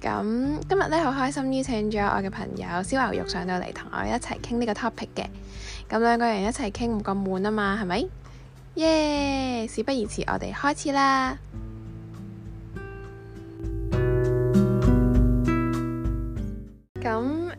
咁今日咧，好開心邀請咗我嘅朋友燒牛肉上到嚟同我一齊傾呢個 topic 嘅。咁兩個人一齊傾唔咁悶啊嘛，係咪？耶、yeah！事不宜遲，我哋開始啦。咁誒、係、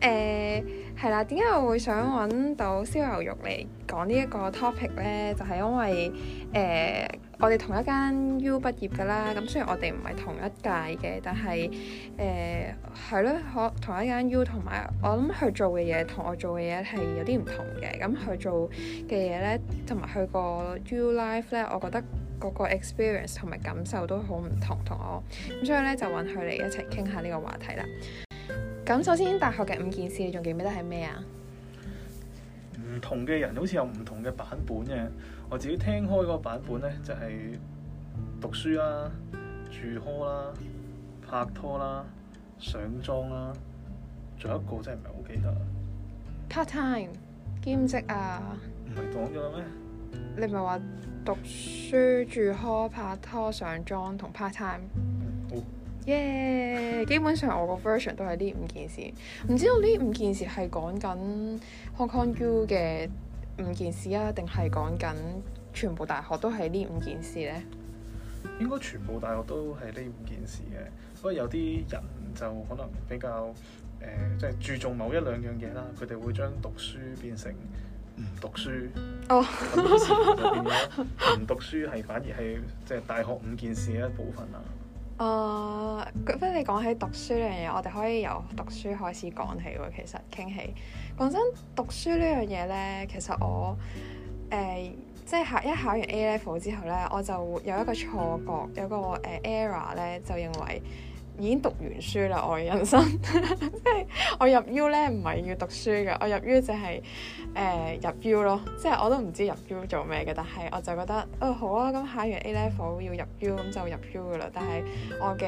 呃、啦，點解我會想揾到燒牛肉嚟講呢一個 topic 呢？就係、是、因為誒。呃我哋同一間 U 畢業㗎啦，咁雖然我哋唔係同一屆嘅，但係誒係囉，可、呃、同一間 U 同埋我諗佢做嘅嘢同我做嘅嘢係有啲唔同嘅。咁佢做嘅嘢呢，同埋佢個 U life 呢，我覺得嗰個 experience 同埋感受都好唔同同我。咁所以呢，就搵佢嚟一齊傾下呢個話題啦。咁首先大學嘅五件事，你仲記唔記得係咩啊？唔同嘅人好似有唔同嘅版本嘅。我自己聽開嗰個版本咧，就係、是、讀書啦、啊、住 hall 啦、啊、拍拖啦、啊、上妝啦、啊，仲有一個真係唔係好記得。Part time 兼職啊？唔係講咗咩？你唔係話讀書、住 hall、拍拖、上妝同 part time？好。Yeah，基本上我個 version 都係呢五件事。唔知道呢五件事係講緊 Hong Kong U 嘅。五件事啊？定係講緊全部大學都係呢五件事呢？應該全部大學都係呢五件事嘅。不過有啲人就可能比較誒，即、呃、係、就是、注重某一兩樣嘢啦。佢哋會將讀書變成唔讀書哦，變咗唔讀書係反而係即係大學五件事嘅一部分啦。啊！咁，不如你講起讀書呢樣嘢，我哋可以由讀書開始講起喎。其實傾起講真，讀書呢樣嘢呢，其實我誒、呃，即係考一考完 A level 之後呢，我就有一個錯覺，有個誒、呃、error 咧，就認為。已經讀完書啦！我嘅人生即係 我入 U 呢，唔係要讀書嘅。我入 U 就係、是、誒、呃、入 U 咯，即係我都唔知入 U 做咩嘅。但係我就覺得哦，好啊，咁考完 A Level 要入 U 咁就入 U 噶啦。但係我嘅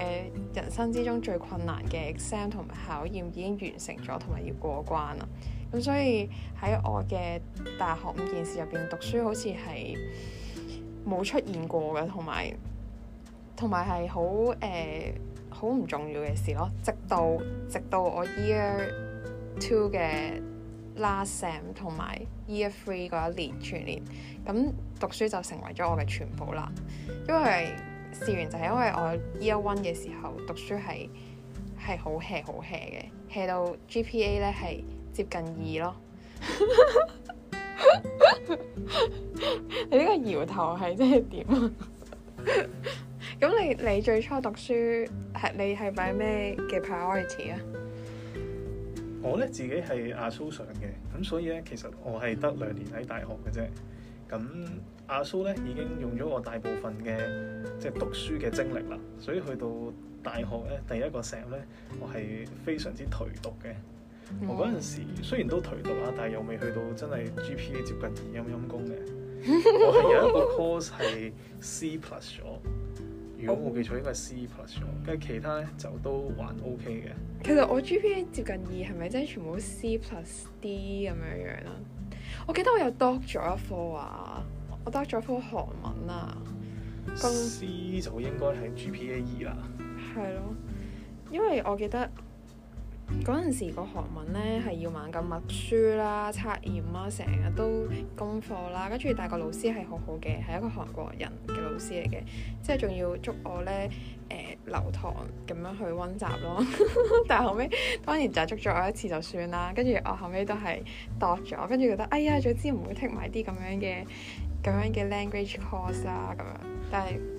人生之中最困難嘅 exam 同埋考驗已經完成咗，同埋要過關啦。咁所以喺我嘅大學五件事入邊，讀書好似係冇出現過嘅，同埋同埋係好誒。好唔重要嘅事咯，直到直到我 year two 嘅 last sem 同埋 year three 嗰一年全年，咁讀書就成為咗我嘅全部啦。因為事緣就係因為我 year one 嘅時候讀書係係好 hea 好 hea 嘅，hea 到 GPA 咧係接近二咯。 你呢個搖頭係即係點啊？咁 你你最初讀書？係你係擺咩嘅 priority 啊？我咧自己係阿蘇上嘅，咁、嗯、所以咧其實我係得兩年喺大學嘅啫。咁阿蘇咧已經用咗我大部分嘅即係讀書嘅精力啦，所以去到大學咧第一個 semester 咧，我係非常之頹讀嘅。嗯、我嗰陣時雖然都頹讀啊，但係又未去到真係 GPA 接近二陰陰功嘅。我係有一個 course 係 C plus 咗。如果冇記錯應該係 C plus 咗，跟住其他咧就都還 OK 嘅。其實我 GPA 接近二，係咪真係全部 C plus D 咁樣樣啊？我記得我有多咗一科啊，我多 o c 咗科韓文啊。咁 C 就應該係 GPA 二啦。係咯， 因為我記得。嗰陣時個韓文呢係要猛咁默書啦、測驗啦，成日都功課啦，跟住但個老師係好好嘅，係一個韓國人嘅老師嚟嘅，即係仲要捉我呢誒、呃、留堂咁樣去温習咯。 但後尾當然就捉咗我一次就算啦，跟住我後尾都係度咗，跟住覺得哎呀，總之唔會 take 埋啲咁樣嘅咁樣嘅 language course 啦咁樣。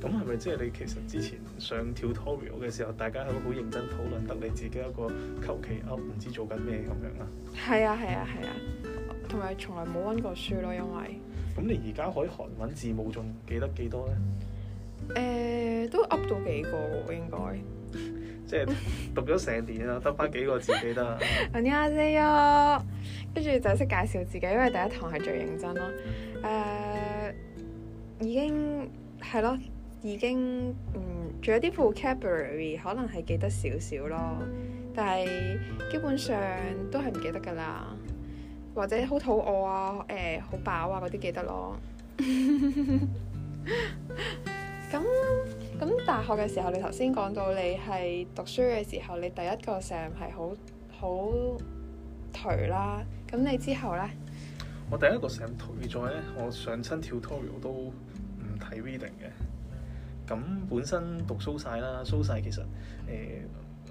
咁係咪即係你其實之前上 tutorial 嘅時候，大家都好認真討論，得你自己一個求其 up，唔知做緊咩咁樣啊？係啊係啊係啊，同埋從來冇溫過書咯，因為咁你而家可以韓文字母仲記得幾多咧？誒、呃，都 up 到幾個應該，即係 讀咗成年啦，得翻 幾個字記得。안녕하세요，跟住就識介紹自己，因為第一堂係最認真咯。誒、uh，已經。係咯，已經嗯，仲有啲 vocabulary 可能係記得少少咯，但係基本上都係唔記得噶啦，或者好肚餓啊，誒、呃、好飽啊嗰啲記得咯。咁咁 大學嘅時候，你頭先講到你係讀書嘅時候，你第一個 sem 係好好頹啦。咁你之後咧？我第一個 sem 頹咗咧，我上親跳 tut 我都，睇 reading 嘅，咁本身讀蘇曬啦，蘇曬其實誒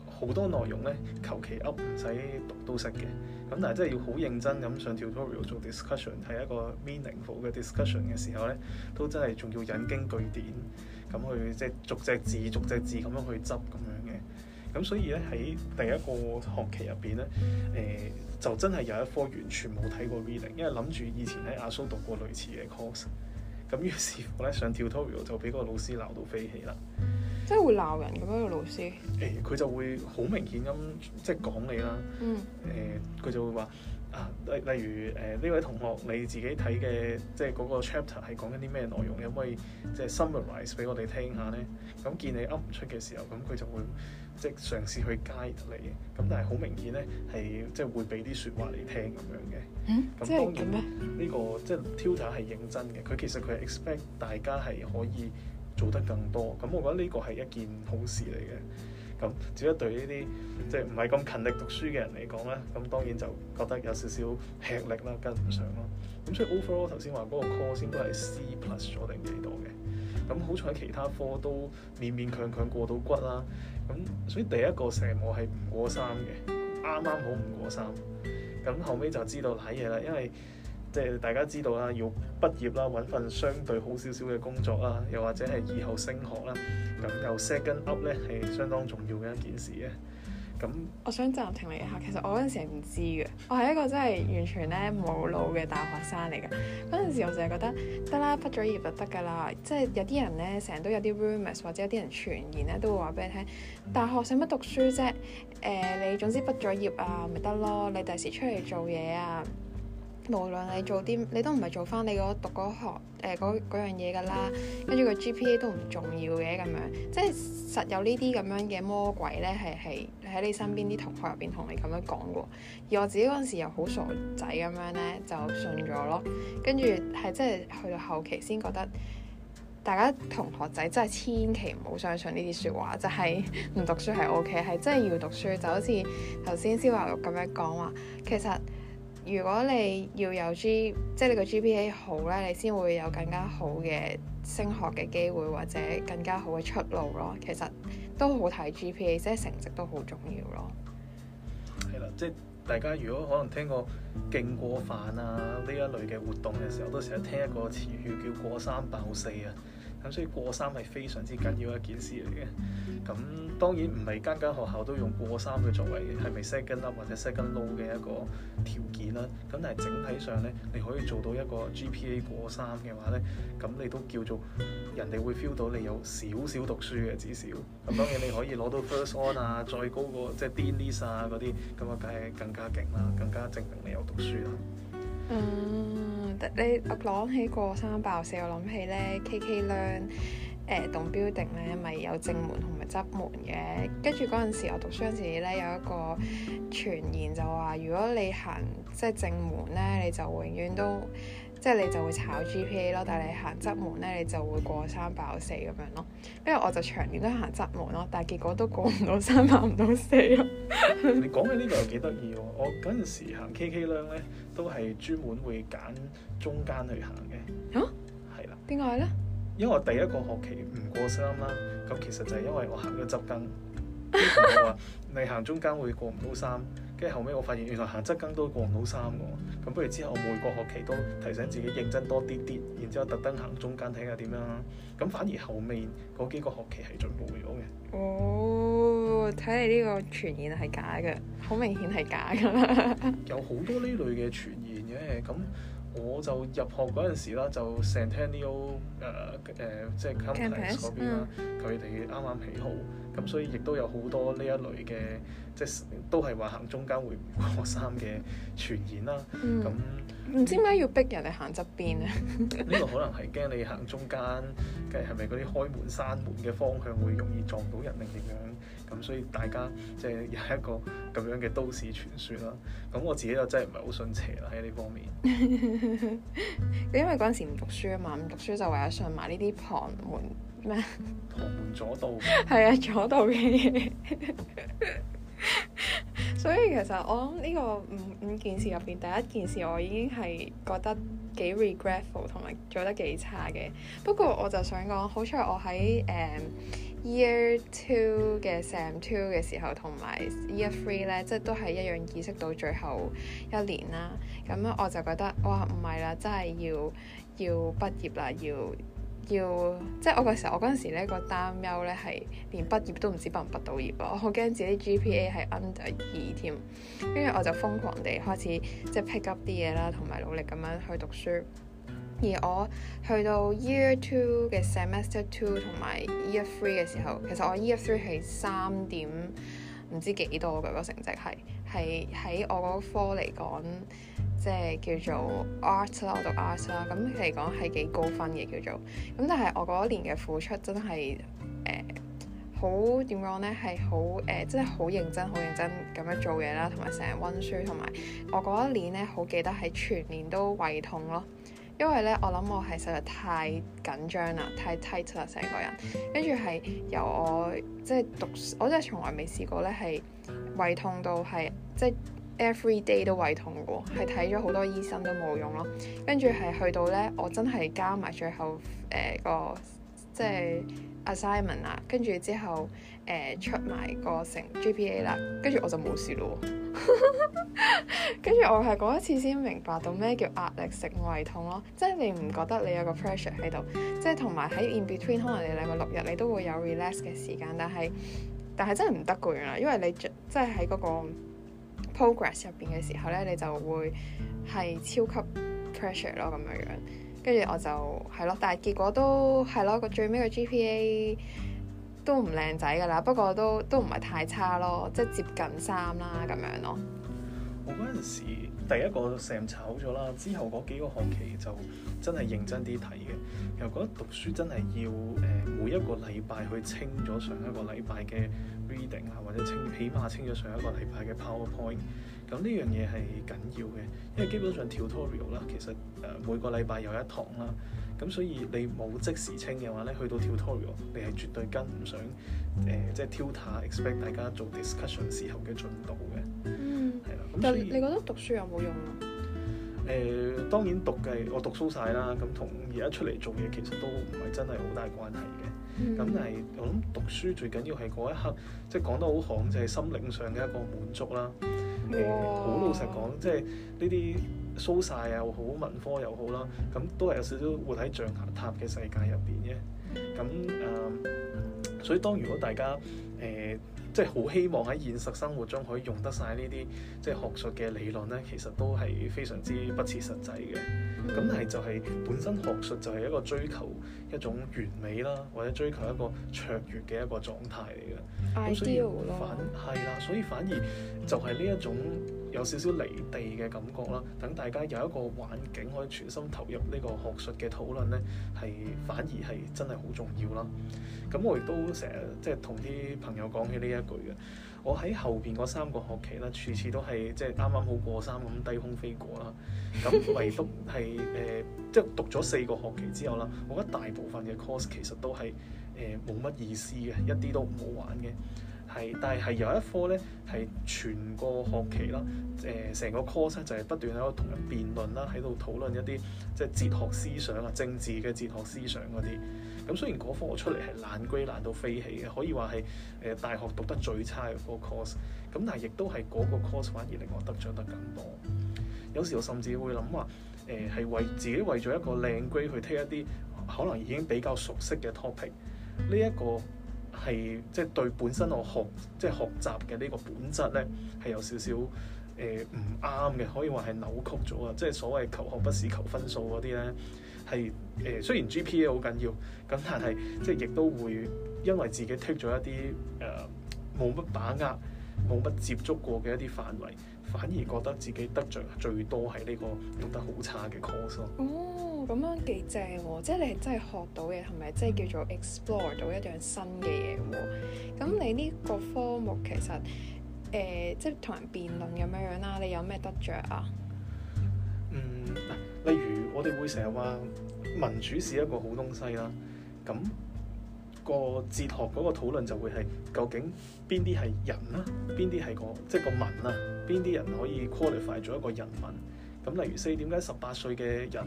好、呃、多內容咧，求其 up 唔使讀都識嘅。咁但係真係要好認真咁上 tutorial 做 discussion，係一個 meaningful 嘅 discussion 嘅時候咧，都真係仲要引經據典咁去，即係逐隻字逐隻字咁樣去執咁樣嘅。咁所以咧喺第一個學期入邊咧，誒、呃、就真係有一科完全冇睇過 reading，因為諗住以前喺阿蘇讀過類似嘅 course。咁於是乎咧，上 tutorial 就俾個老師鬧到飛起啦！即係會鬧人咁樣，嗰個老師誒，佢、欸、就會好明顯咁即係講你啦。嗯。誒、欸，佢就會話。例、啊、例如誒呢、呃、位同學你自己睇嘅即係嗰、那個 chapter 係講緊啲咩內容嘅，你可唔可以即係 summarize 俾我哋聽下咧？咁見你噏唔出嘅時候，咁佢就會即係嘗試去 guide 你嘅。咁但係好明顯咧，係即係會俾啲説話你聽咁樣嘅。嗯，咁當然咧呢個即係 tutor 係認真嘅。佢其實佢係 expect 大家係可以做得更多。咁我覺得呢個係一件好事嚟嘅。咁，只要對呢啲即係唔係咁勤力讀書嘅人嚟講咧，咁當然就覺得有少少吃力啦，跟唔上咯。咁所以 overall 頭先話嗰個 course 先都係 C plus 咗定幾多嘅，咁好彩其他科都勉勉強強過到骨啦。咁所以第一個 sem 我係唔過三嘅，啱啱好唔過三。咁後尾就知道睇嘢啦，因為。即係大家知道啦，要畢業啦，揾份相對好少少嘅工作啦，又或者係以後升學啦，咁又 set 跟 up 咧係相當重要嘅一件事嘅。咁我想暫停嚟一下，其實我嗰陣時係唔知嘅，我係一個真係完全咧冇腦嘅大學生嚟嘅。嗰陣時我就係覺得得啦，畢咗業就得㗎啦。即係有啲人咧成日都有啲 rumors，或者有啲人傳言咧都會話俾你聽，大學使乜讀書啫？誒、呃，你總之畢咗業啊，咪得咯，你第時出嚟做嘢啊。無論你做啲，你都唔係做翻你嗰讀嗰學嗰、呃、樣嘢㗎啦，跟住個 GPA 都唔重要嘅咁樣，即係實有呢啲咁樣嘅魔鬼呢，係係喺你身邊啲同學入邊同你咁樣講嘅。而我自己嗰陣時又好傻仔咁樣呢，就信咗咯。跟住係真係去到後期先覺得，大家同學仔真係千祈唔好相信呢啲説話，就係、係、唔讀書係 OK，係真係要讀書，就好似頭先燒牛肉咁樣講話，其實。如果你要有 G，即係你個 GPA 好咧，你先會有更加好嘅升學嘅機會，或者更加好嘅出路咯。其實都好睇 GPA，即係成績都好重要咯。係啦，即係大家如果可能聽過勁過飯啊呢一類嘅活動嘅時候，都成日聽一個詞語叫過三爆四啊。咁所以過三係非常之緊要一件事嚟嘅。咁當然唔係間間學校都用過三嘅作為係咪 second up 或者 second low 嘅一個條件啦。咁但係整體上咧，你可以做到一個 GPA 過三嘅話咧，咁你都叫做人哋會 feel 到你有少少讀書嘅至少。咁當然你可以攞到 first on 啊，再高過即係 Dean list 啊嗰啲，咁啊梗係更加勁啦，更加證明你有讀書啦。嗯，你我講起過三爆四，4，我諗起咧 K K 量，誒、呃、棟 building 咧咪有正門同埋側門嘅，跟住嗰陣時我讀書嗰陣時咧有一個傳言就話，如果你行即係正門咧，你就永遠都。即係你就會炒 GPA 咯，但係你行側門咧，你就會過三爆四咁樣咯。跟住我就長年都行側門咯，但係結果都過唔到三，爆唔到四。 你講嘅呢個又幾得意喎！我嗰陣時行 K K l e 咧，都係專門會揀中間去行嘅。吓、啊？係啦的。點解咧？因為我第一個學期唔過三啦，咁其實就係因為我行咗側根。話你行中間會過唔到三。 即後尾我發現原來行側更都過唔到三個，咁不如之後每個學期都提醒自己認真多啲啲，然之後特登行中間睇下點樣啦。咁反而後面嗰幾個學期係進步咗嘅。哦，睇嚟呢個傳言係假嘅，好明顯係假㗎啦。 有好多呢類嘅傳言嘅，咁我就入學嗰陣時啦，就 Centennial 誒誒，即係 Campus 嗰邊啦，佢哋啱啱起好。咁所以亦都有好多呢一類嘅，即係都係話行中間會唔會過三嘅傳言啦。咁，嗯，唔知點解要逼人哋行側邊啊？呢 個可能係驚你行中間，驚係咪嗰啲開門閂門嘅方向會容易撞到人定點樣？咁所以大家即係有一個咁樣嘅都市傳說啦。咁我自己又真係唔係好信邪啦喺呢方面。 因為嗰陣時唔讀書啊嘛，唔讀書就唯有信埋呢啲旁門。咩？同咗度嘅，係呀，咗度嘅嘢。所以其實我諗呢個五五件事入邊，第一件事我已經係覺得幾 regretful 同埋做得幾差嘅。不過我就想講，好彩我喺誒、um, year two 嘅 sam two 嘅時候，同埋 year three 咧，即係都係一樣意識到最後一年啦。咁咧我就覺得，哇，唔係啦，真係要要畢業啦，要～要即係我嗰時候，我嗰時咧個擔憂咧係連畢業都唔知畢唔畢到業啊！我好驚自己 GPA 係 under 二添，跟住我就瘋狂地開始即係、就是、pick up 啲嘢啦，同埋努力咁樣去讀書。而我去到 year two 嘅 semester two 同埋 year three 嘅時候，其實我 year three 係三點唔知幾多噶個成績係。係喺我嗰科嚟講，即係叫做 art 啦，我讀 art 啦，咁嚟講係幾高分嘅叫做，咁但係我嗰一年嘅付出真係誒、呃、好點講呢？係好誒，即係好認真，好認真咁樣做嘢啦，同埋成日溫書，同埋我嗰一年呢，好記得喺全年都胃痛咯。因為咧，我諗我係實在太緊張啦，太 tight 啦，成個人，跟住係由我即係讀，我真係從來未試過咧，係胃痛到係即係 every day 都胃痛過，係睇咗好多醫生都冇用咯，跟住係去到咧，我真係加埋最後誒、呃、個即係。assignment 啦，跟住之後誒、呃、出埋個成 GPA 啦，跟住我就冇事咯。跟 住我係嗰一次先明白到咩叫壓力性胃痛咯，即係你唔覺得你有個 pressure 喺度，即係同埋喺 in between 可能你禮拜六日你都會有 relax 嘅時間，但係但係真係唔得嘅樣啦，因為你即係喺嗰個 progress 入邊嘅時候咧，你就會係超級 pressure 咯咁樣樣。跟住我就係咯，但係結果都係咯，個最尾個 GPA 都唔靚仔㗎啦，不過都都唔係太差咯，即係接近三啦咁樣咯。我嗰陣時第一個 sem 炒咗啦，之後嗰幾個學期就真係認真啲睇嘅，又覺得讀書真係要誒每一個禮拜去清咗上一個禮拜嘅 reading 啊，或者清起碼清咗上一個禮拜嘅 PowerPoint。咁呢樣嘢係緊要嘅，因為基本上 tutorial 啦，其實誒、呃、每個禮拜有一堂啦，咁所以你冇即時清嘅話咧，去到 tutorial 你係絕對跟唔上誒，即、呃、係、就是、tutor expect 大家做 discussion 時候嘅進度嘅，係啦、嗯。但你覺得讀書有冇用啊？誒、呃，當然讀嘅，我讀書晒啦，咁同而家出嚟做嘢其實都唔係真係好大關係嘅。咁但係、mm hmm.，我諗讀書最緊要係嗰一刻，即、就、係、是、講得好廣，就係、是、心靈上嘅一個滿足啦。誒哇，好、嗯、老實講，即係呢啲蘇晒又好，文科又好啦，咁都係有少少活喺象牙塔嘅世界入邊嘅。咁誒、mm hmm. 嗯，所以當如果大家誒，呃即係好希望喺現實生活中可以用得晒呢啲即係學術嘅理論咧，其實都係非常之不切實際嘅。咁係就係本身學術就係一個追求一種完美啦，或者追求一個卓越嘅一個狀態嚟嘅。咁所以反係啦，所以反而就係呢一種。有少少離地嘅感覺啦，等大家有一個環境可以全心投入呢個學術嘅討論咧，係反而係真係好重要啦。咁我亦都成日即係同啲朋友講起呢一句嘅，我喺後邊嗰三個學期咧，次次都係即係啱啱好過三咁低空飛過啦。咁唯獨係誒，即係讀咗四個學期之後啦，我覺得大部分嘅 course 其實都係誒冇乜意思嘅，一啲都唔好玩嘅。係，但係有一科呢，係全個學期啦，誒、呃、成個 course 就係不斷喺度同人辯論啦，喺度討論一啲即係哲學思想啊、政治嘅哲學思想嗰啲。咁、嗯、雖然嗰科我出嚟係爛 grade 爛到飛起嘅，可以話係誒大學讀得最差嘅個 course。咁但係亦都係嗰個 course 反而令我得獎得更多。有時我甚至會諗話，誒、呃、係為自己為咗一個靚 grade 去聽一啲可能已經比較熟悉嘅 topic，呢、這、一個。係即係對本身我學即係、就是、學習嘅呢個本質咧係有少少誒唔啱嘅，可以話係扭曲咗啊！即、就、係、是、所謂求學不是求分數嗰啲咧係誒，雖然 GPA 好緊要，咁但係即係亦都會因為自己剔咗一啲誒冇乜把握、冇乜接觸過嘅一啲範圍。反而覺得自己得着最多係呢個讀得好差嘅 course。哦，咁樣幾正喎！即係你係真係學到嘅，係咪即係叫做 explore 到一樣新嘅嘢喎？咁你呢個科目其實誒、呃，即係同人辯論咁樣樣啦，你有咩得着啊？嗯，例如我哋會成日話民主是一個好東西啦，咁。個哲學嗰個討論就會係究竟邊啲係人啦、啊，邊啲係個即係個民啦、啊，邊啲人可以 qualify 做一個人民？咁例如四點解十八歲嘅人、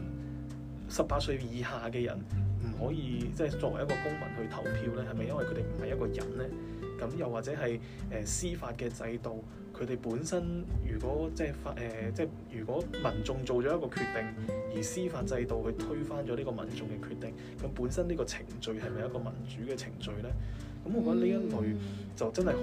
十八歲以下嘅人唔可以即係、就是、作為一個公民去投票咧？係咪因為佢哋唔係一個人咧？咁又或者係誒司法嘅制度，佢哋本身如果即係法誒、呃、即係如果民眾做咗一個決定，而司法制度去推翻咗呢個民眾嘅決定，咁本身呢個程序係咪一個民主嘅程序咧？咁、嗯、我覺得呢一類就真係好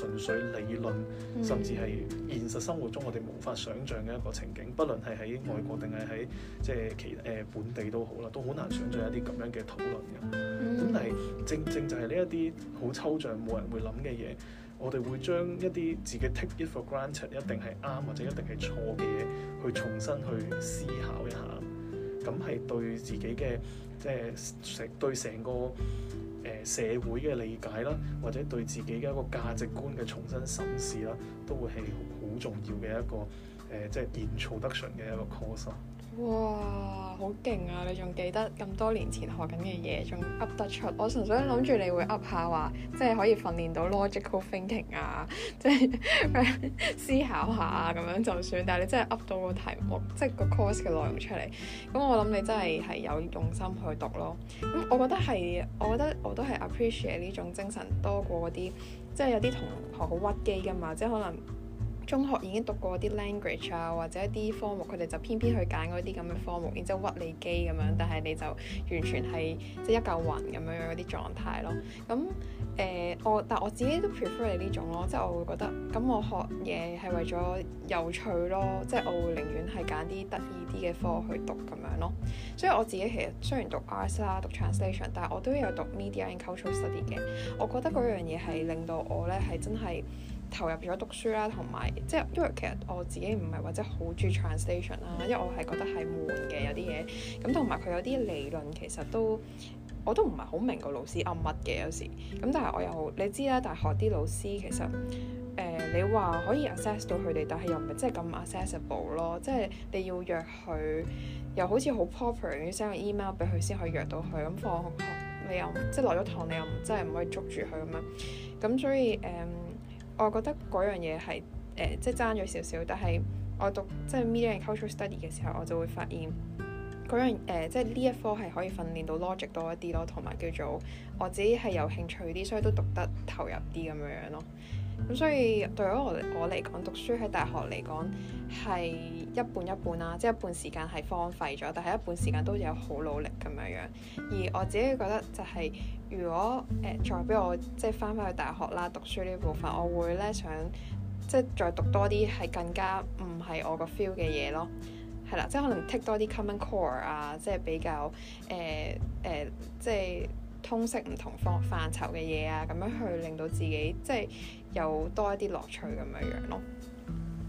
純粹理論，嗯、甚至係現實生活中我哋無法想像嘅一個情景，不論係喺外國定係喺即係其誒本地都好啦，都好難想像一啲咁樣嘅討論嘅。咁但係正正就係呢一啲好抽象、冇人會諗嘅嘢，我哋會將一啲自己 take it for granted 一定係啱或者一定係錯嘅嘢，去重新去思考一下。咁係對自己嘅即係成對成個社會嘅理解啦，或者對自己嘅一個價值觀嘅重新審視啦，都會係好重要嘅一個即係延儲得順嘅一個。一個 course。哇，好勁啊！你仲記得咁多年前學緊嘅嘢，仲噏得出？我純粹諗住你會噏下話，嗯、即係可以訓練到 logical thinking 啊，即係 思考下咁樣就算。但係你真係噏到個題目，即係個 course 嘅內容出嚟，咁我諗你真係係有用心去讀咯。咁我覺得係，我覺得我都係 appreciate 呢種精神多過啲，即係有啲同學好屈機㗎嘛，即係可能。中學已經讀過啲 language 啊，或者一啲科目，佢哋就偏偏去揀嗰啲咁嘅科目，然之後屈你機咁樣，但係你就完全係即係一嚿雲咁樣樣嗰啲狀態咯。咁、嗯、誒、呃，我但我自己都 prefer 你呢種咯，即係我會覺得，咁我學嘢係為咗有趣咯，即係我會寧願係揀啲得意啲嘅科去讀咁樣咯。所以我自己其實雖然讀 arts 啦，讀 translation，但係我都有讀 media and cultural study 嘅。我覺得嗰樣嘢係令到我咧係真係投入咗讀書啦，同埋即係因為其實我自己唔係或者好鍾意 translation 啦，因為我係覺得係悶嘅，有啲嘢咁，同埋佢有啲理論其實都我都唔係好明個老師噏乜嘅有時咁，但係我又你知啦，大學啲老師其實誒、呃、你話可以 access 到佢哋，但係又唔係真係咁 accessible 咯，即係你要約佢又好似好 proper，你 send 個 email 俾佢先可以約到佢咁，放學你又即係落咗堂你又真係唔可以捉住佢咁樣咁，所以誒。嗯我覺得嗰樣嘢係誒，即係爭咗少少，但係我讀即係 media and cultural study 嘅時候，我就會發現嗰樣、呃、即係呢一科係可以訓練到 logic 多一啲咯，同埋叫做我自己係有興趣啲，所以都讀得投入啲咁樣樣咯。咁所以對我我嚟講，讀書喺大學嚟講係一半一半啦，即係一半時間係荒廢咗，但係一半時間都有好努力咁樣樣。而我自己覺得就係如果誒再俾我即係翻返去大學啦，讀書呢部分，我會咧想即係再讀多啲係更加唔係我個 feel 嘅嘢咯。係啦，即係可能 take 多啲 common core 啊，即係比較誒誒即係。呃呃就是通識唔同方範疇嘅嘢啊，咁樣去令到自己即係有多一啲樂趣咁樣樣咯。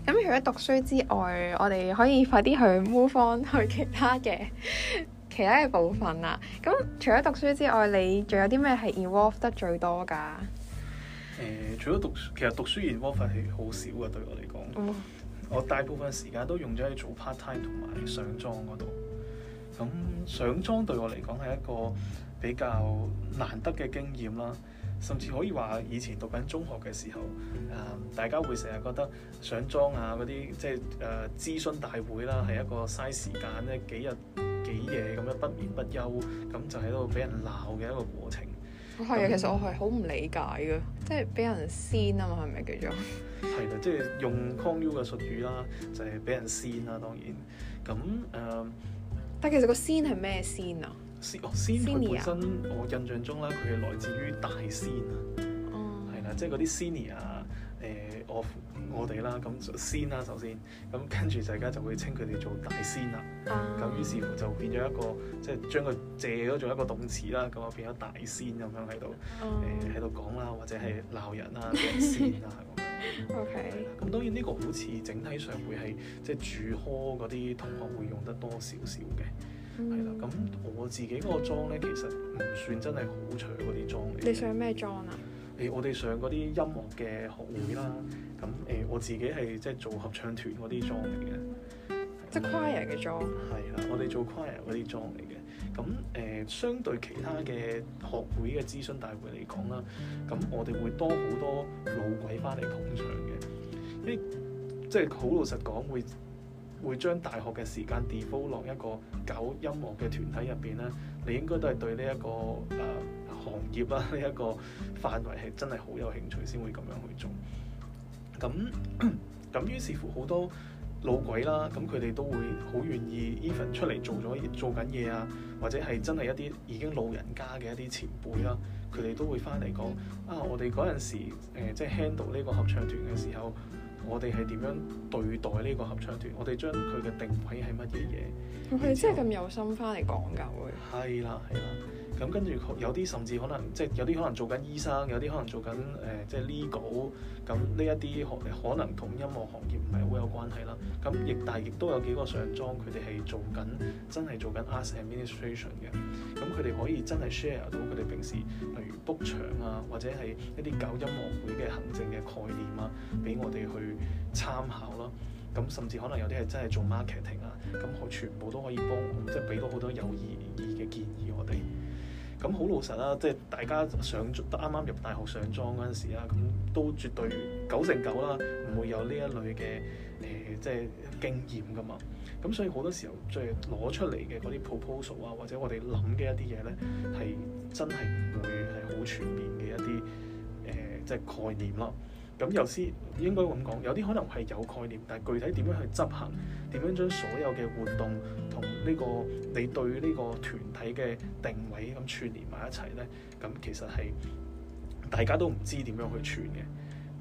咁除咗讀書之外，我哋可以快啲去 move on 去其他嘅其他嘅部分啦。咁除咗讀書之外，你仲有啲咩係 involve 得最多噶？誒、呃，除咗讀，其實讀書 involve 翻係好少噶，對我嚟講。哦、我大部分時間都用咗喺做 part time 同埋上莊嗰度。咁上莊對我嚟講係一個比較難得嘅經驗啦，甚至可以話以前讀緊中學嘅時候，誒、呃、大家會成日覺得上莊啊嗰啲即係誒、呃、諮詢大會啦，係一個嘥時間咧，幾日幾夜咁樣不眠不休，咁就喺度俾人鬧嘅一個過程。係啊的，那其實我係好唔理解嘅，即係俾人跣啊嘛，係咪叫做？係 啦，即係用 conu 嘅術語啦，就係、是、俾人跣啦、啊，當然咁誒。呃、但其實個跣」係咩跣」啊？仙哦，仙佢 Senior? 本身，我印象中咧，佢係來自於大仙。啊、oh.，係、就是呃、啦，即係嗰啲 senior 誒，我哋啦，咁仙啦首先，咁跟住大家就會稱佢哋做大仙啦，咁、oh. 於是乎就變咗一個即係、就是、將佢借咗做一個動詞啦，咁啊變咗大仙咁樣喺度誒喺度講啦，或者係鬧人啊，大仙啊咁。OK，咁當然呢個好似整體上會係即係主科嗰啲同學會用得多少少嘅。係啦，咁我自己嗰個裝咧，其實唔算真係好搶嗰啲裝嚟嘅。你上咩裝啊？誒、欸，我哋上嗰啲音樂嘅學會啦，咁誒、欸，我自己係即係做合唱團嗰啲裝嚟嘅，即係 choir 嘅裝。係啦我，我哋做 choir 嗰啲裝嚟嘅，咁誒、欸，相對其他嘅學會嘅諮詢大會嚟講啦，咁我哋會多好多老鬼返嚟捧場嘅，因即係好老實講會。會將大學嘅時間 devote 落一個搞音樂嘅團體入邊咧，你應該都係對呢、這、一個誒、呃、行業啦，呢一個範圍係真係好有興趣先會咁樣去做。咁咁於是乎好多老鬼啦，咁佢哋都會好願意 even 出嚟做咗做緊嘢啊，或者係真係一啲已經老人家嘅一啲前輩啦、啊，佢哋都會翻嚟講：啊，我哋嗰陣時即係、呃就是、handle 呢個合唱團嘅時候。我哋係點樣對待呢個合唱團？我哋將佢嘅定位係乜嘢嘢？佢哋真係咁有心返嚟講究嘅。係啦，係啦。咁跟住有啲甚至可能即係、就是、有啲可能做緊醫生，有啲可能做緊誒即係 legal。呃就是咁呢一啲學歷可能同音樂行業唔係好有關係啦。咁亦但係亦都有幾個上莊，佢哋係做緊真係做緊 arts administration 嘅。咁佢哋可以真係 share 到佢哋平時例如 book 場啊，或者係一啲搞音樂會嘅行政嘅概念啊，俾我哋去參考啦。咁甚至可能有啲係真係做 marketing 啊，咁可全部都可以幫即係俾到好多有意義嘅建議我哋。咁好老實啦，即係大家上莊啱啱入大學上莊嗰陣時啦，咁都絕對九成九啦，唔會有呢一類嘅誒、呃，即係經驗㗎嘛。咁所以好多時候，即係攞出嚟嘅嗰啲 proposal 啊，或者我哋諗嘅一啲嘢咧，係真係唔會係好全面嘅一啲誒、呃，即係概念咯。咁有師應該咁講，有啲可能係有概念，但係具體點樣去執行，點樣將所有嘅活動同呢個你對呢個團體嘅定位咁串連埋一齊呢？咁其實係大家都唔知點樣去串嘅。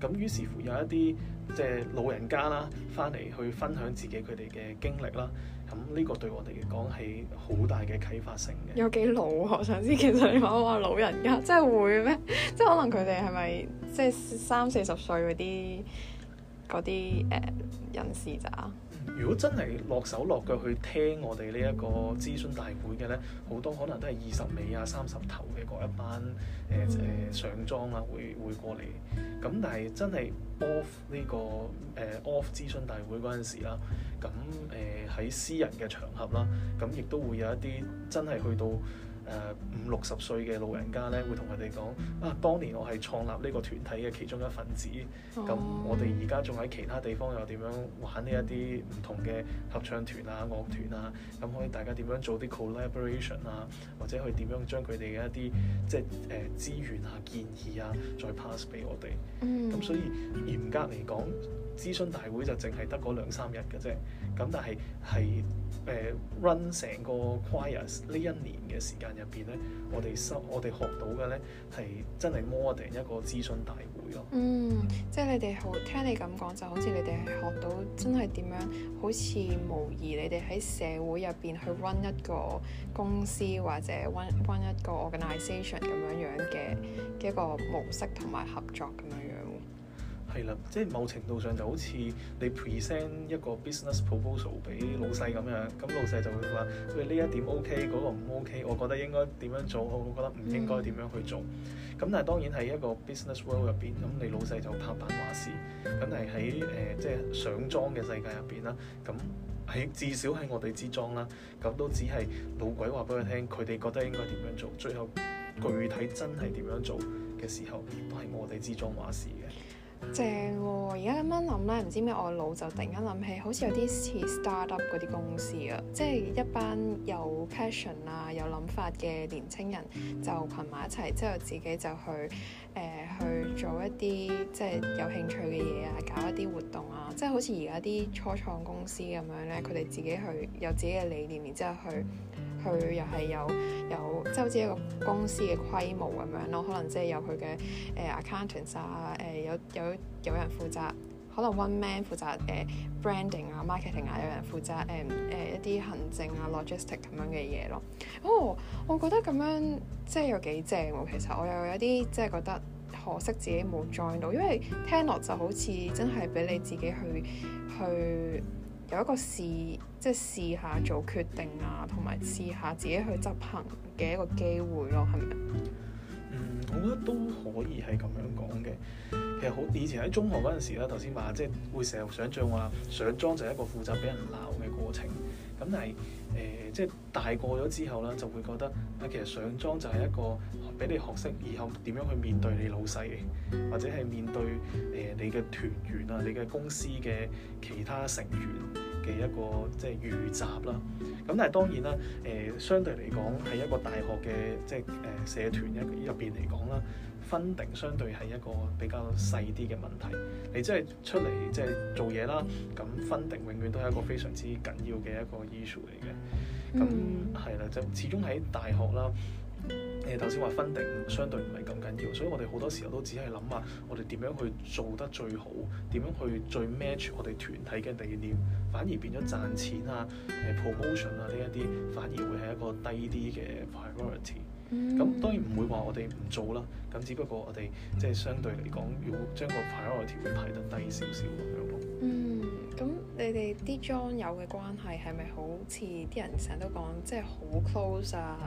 咁於是乎有一啲即係老人家啦，翻嚟去分享自己佢哋嘅經歷啦。咁呢個對我哋嚟講係好大嘅啟發性嘅。有幾老啊？我想知，其實你話話老人家，即係會咩？即係可能佢哋係咪即係三四十歲嗰啲嗰啲誒人士咋？如果真係落手落腳去聽我哋呢一個諮詢大會嘅咧，好多可能都係二十尾啊、三十頭嘅嗰一班誒誒、呃、上莊啦，會會過嚟。咁但係真係 off 呢、呢個誒、呃、off 諮詢大會嗰陣時啦，咁誒喺私人嘅場合啦，咁亦都會有一啲真係去到。誒五六十歲嘅老人家咧，會同佢哋講啊，當年我係創立呢個團體嘅其中一份子，咁、oh. 我哋而家仲喺其他地方又點樣玩呢一啲唔同嘅合唱團啊、樂團啊，咁可以大家點樣做啲 collaboration 啊，或者去點樣將佢哋嘅一啲即係誒資源啊、建議啊，再 pass 俾我哋。咁、mm. 所以嚴格嚟講。諮詢大會就淨係得兩三日嘅啫，咁但係係誒 run 成個 quires 呢一年嘅時間入邊咧，我哋收我哋學到嘅咧係真係 more than 一個諮詢大會咯。嗯，即係你哋好聽你咁講就好似你哋係學到真係點樣好似模擬你哋喺社會入邊去 run 一個公司或者 run run 一個 organization 咁樣樣嘅嘅一個模式同埋合作咁樣。係啦，即係某程度上就好似你 present 一個 business proposal 俾老細咁樣，咁老細就會話：喂、欸，呢一點 OK，嗰個唔 OK，我覺得應該點樣做，我覺得唔應該點樣去做。咁但係當然係一個 business world 入邊，咁你老細就拍板話事。咁但係喺誒即係上莊嘅世界入邊啦，咁喺至少喺我哋之莊啦，咁都只係老鬼話俾佢聽，佢哋覺得應該點樣做。最後具體真係點樣做嘅時候，都係我哋之莊話事嘅。正喎、哦，而家咁樣諗咧，唔知咩，我腦就突然間諗起，好似有啲似 start up 嗰啲公司啊，即係一班有 passion 啊、有諗法嘅年青人就群埋一齊，之後自己就去誒、呃、去做一啲即係有興趣嘅嘢啊，搞一啲活動啊，即係好似而家啲初創公司咁樣咧，佢哋自己去有自己嘅理念，然之後去。佢又係有有即係、就是、好似一個公司嘅規模咁樣咯，可能即係有佢嘅、呃、accountants 啊，誒、呃、有有有人負責，可能 one man 負責誒、呃、branding 啊 marketing 啊，有人負責誒誒、呃呃呃、一啲行政啊 logistic 咁樣嘅嘢咯。哦、oh，我覺得咁樣即係又幾正喎。其實我又有啲即係覺得可惜自己冇 join 到，因為聽落就好似真係俾你自己去去。有一個試，即係試下做決定啊，同埋試下自己去執行嘅一個機會咯，係咪？我覺得都可以係咁樣講嘅。其實好，以前喺中學嗰陣時啦，頭先話即係會成日想象話上莊就係一個負責俾人鬧嘅過程。咁但係誒、呃，即係大個咗之後啦，就會覺得啊，其實上莊就係一個俾你學識以後點樣去面對你老細嘅，或者係面對誒、呃、你嘅團員啊，你嘅公司嘅其他成員。嘅一個即係預習啦，咁但係當然啦，誒、呃、相對嚟講喺一個大學嘅即係誒社團一入邊嚟講啦，funding 相對係一個比較細啲嘅問題。你即係出嚟即係做嘢啦，咁 funding 永遠都係一個非常之緊要嘅一個 issue 嚟嘅。咁係啦，就始終喺大學啦。誒頭先話 funding 相對唔係咁緊要，所以我哋好多時候都只係諗啊，我哋點樣去做得最好，點樣去最 match 我哋團體嘅理念，反而變咗賺錢啊、誒、呃、promotion 啊呢一啲，反而會係一個低啲嘅 priority。咁、嗯、當然唔會話我哋唔做啦，咁只不過我哋即係相對嚟講，要將個 priority 會排得低少少咁樣咯。嗯。咁你哋啲莊友嘅關係係咪好似啲人成日都講，即係好 close 啊？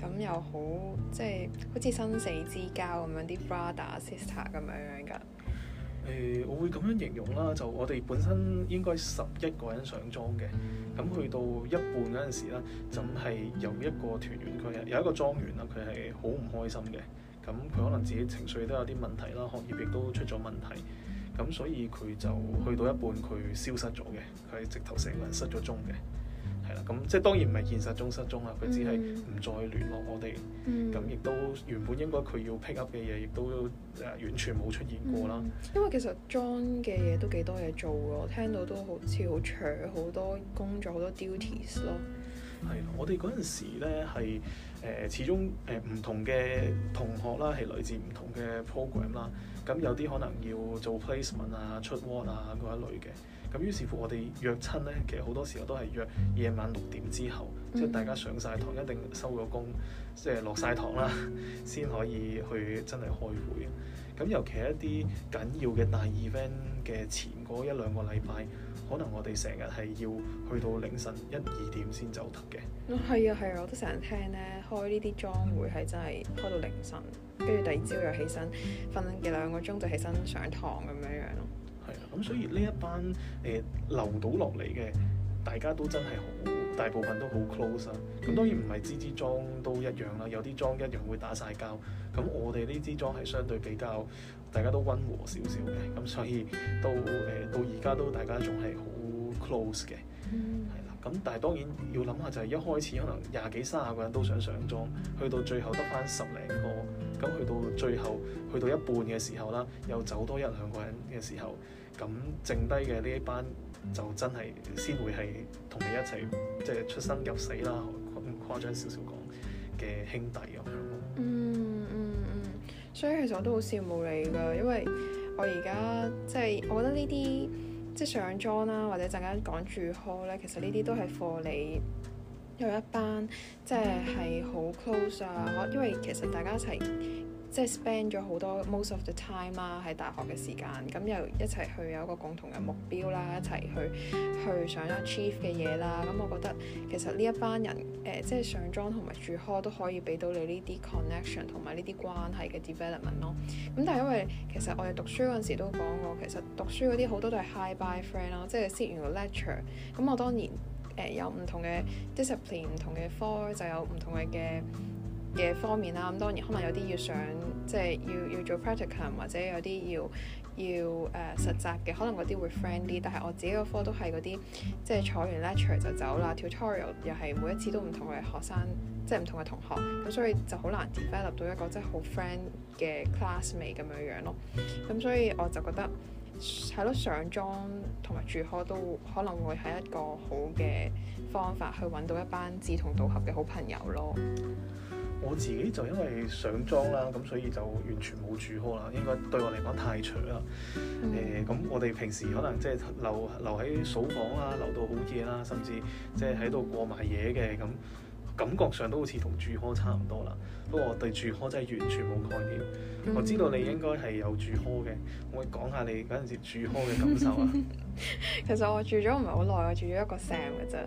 咁又好，即係好似生死之交咁樣啲 brother sister 咁樣樣㗎？誒、欸，我會咁樣形容啦。就我哋本身應該十一個人上莊嘅，咁去到一半嗰陣時啦，就係有一個團員佢，有一個莊員啦，佢係好唔開心嘅。咁佢可能自己情緒都有啲問題啦，學業亦都出咗問題。咁所以佢就去到一半，佢消失咗嘅，佢係直頭成個人失咗蹤嘅，係啦、嗯。咁即係當然唔係現實中失蹤啦，佢只係唔再聯絡我哋。咁亦、嗯、都原本應該佢要 pick up 嘅嘢，亦都誒完全冇出現過啦、嗯。因為其實 John 嘅嘢都幾多嘢做㗎，聽到都好似好長，好多工作，好多 duties 咯。係，我哋嗰陣時咧係誒，始終誒唔、呃、同嘅同學啦，係來自唔同嘅 program 啦、嗯。嗯。咁有啲可能要做 placement 啊、出 word 啊嗰一類嘅，咁於是乎我哋約親呢，其實好多時候都係約夜晚六點之後，嗯、即係大家上晒堂，一定收咗工，即係落晒堂啦，先、嗯、可以去真係開會。咁尤其一啲緊要嘅大 event 嘅前嗰一兩個禮拜，可能我哋成日係要去到凌晨一二點先走得嘅。係啊係啊，我都成日聽呢開呢啲莊會係真係開到凌晨。跟住第二朝又起身，瞓幾兩個鐘就起身上堂咁樣樣咯。係啊，咁所以呢一班誒留、呃、到落嚟嘅，大家都真係好大部分都好 close 啊。咁、嗯、當然唔係支支裝都一樣啦，有啲裝一樣會打晒交。咁我哋呢支裝係相對比較大家都溫和少少嘅，咁所以到誒、呃、到而家都大家仲係好 close 嘅，係啦、嗯。咁但係當然要諗下，就係一開始可能廿幾卅個人都想上裝，去到最後得翻十零個。咁去到最後，去到一半嘅時候啦，又走多一兩個人嘅時候，咁剩低嘅呢一班就真係先會係同你一齊，即係出生入死啦，咁誇張少少講嘅兄弟咁樣咯。嗯嗯嗯，所以其實我都好羨慕你㗎，因為我而家即係我覺得呢啲即係上莊啦、啊，或者陣間講住開咧，其實呢啲都係靠你。嗯有一班即係係好 close 啊，因為其實大家一齊即係 spend 咗好多 most of the time 啦、啊，喺大學嘅時間咁又一齊去有個共同嘅目標啦，一齊去去想 achieve 嘅嘢啦。咁我覺得其實呢一班人誒、呃，即係上莊同埋住 hall 都可以俾到你呢啲 connection 同埋呢啲關係嘅 development 咯。咁但係因為其實我哋讀書嗰陣時都講過，其實讀書嗰啲好多都係 hi bye friend 咯，即係 sit 完個 lecture。咁我當年。誒、呃、有唔同嘅 discipline，唔同嘅科就有唔同嘅嘅嘅方面啦。咁、嗯、當然可能有啲要上，即係要要做 practical，、um, 或者有啲要要誒、呃、實習嘅，可能嗰啲會 friend 啲。但係我自己個科都係嗰啲，即係坐完 lecture 就走啦，tutorial 又係每一次都唔同嘅學生，即係唔同嘅同學，咁所以就好難 develop 到一個即係好 friend 嘅 classmate 咁樣樣咯。咁所以我就覺得。係咯，上莊同埋住開都可能會係一個好嘅方法，去揾到一班志同道合嘅好朋友咯。我自己就因為上莊啦，咁所以就完全冇住開啦。應該對我嚟講太長啦。誒、嗯，咁、呃、我哋平時可能即係留留喺數房啦、啊，留到好夜啦、啊，甚至即係喺度過埋夜嘅咁。感覺上都好似同住科差唔多啦，不過我對住科真係完全冇概念。嗯、我知道你應該係有住科嘅，我會講下你嗰陣時住科嘅感受啊。 其實我住咗唔係好耐，我住咗一個 Sam 嘅啫，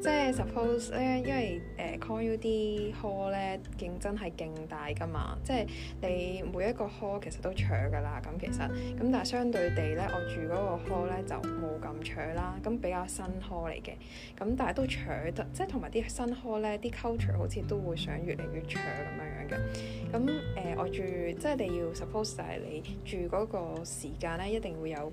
即係 suppose 咧，因為誒 call 咗啲 hall 咧競爭係勁大噶嘛，即係你每一個 hall 其實都搶噶啦，咁其實，咁但係相對地咧，我住嗰個 hall 咧就冇咁搶啦，咁比較新 hall 嚟嘅，咁但係都搶得，即係同埋啲新 hall 咧啲 culture 好似都會想越嚟越搶咁樣樣嘅，咁誒我住即係你要 suppose 就係你住嗰個時間咧一定會有。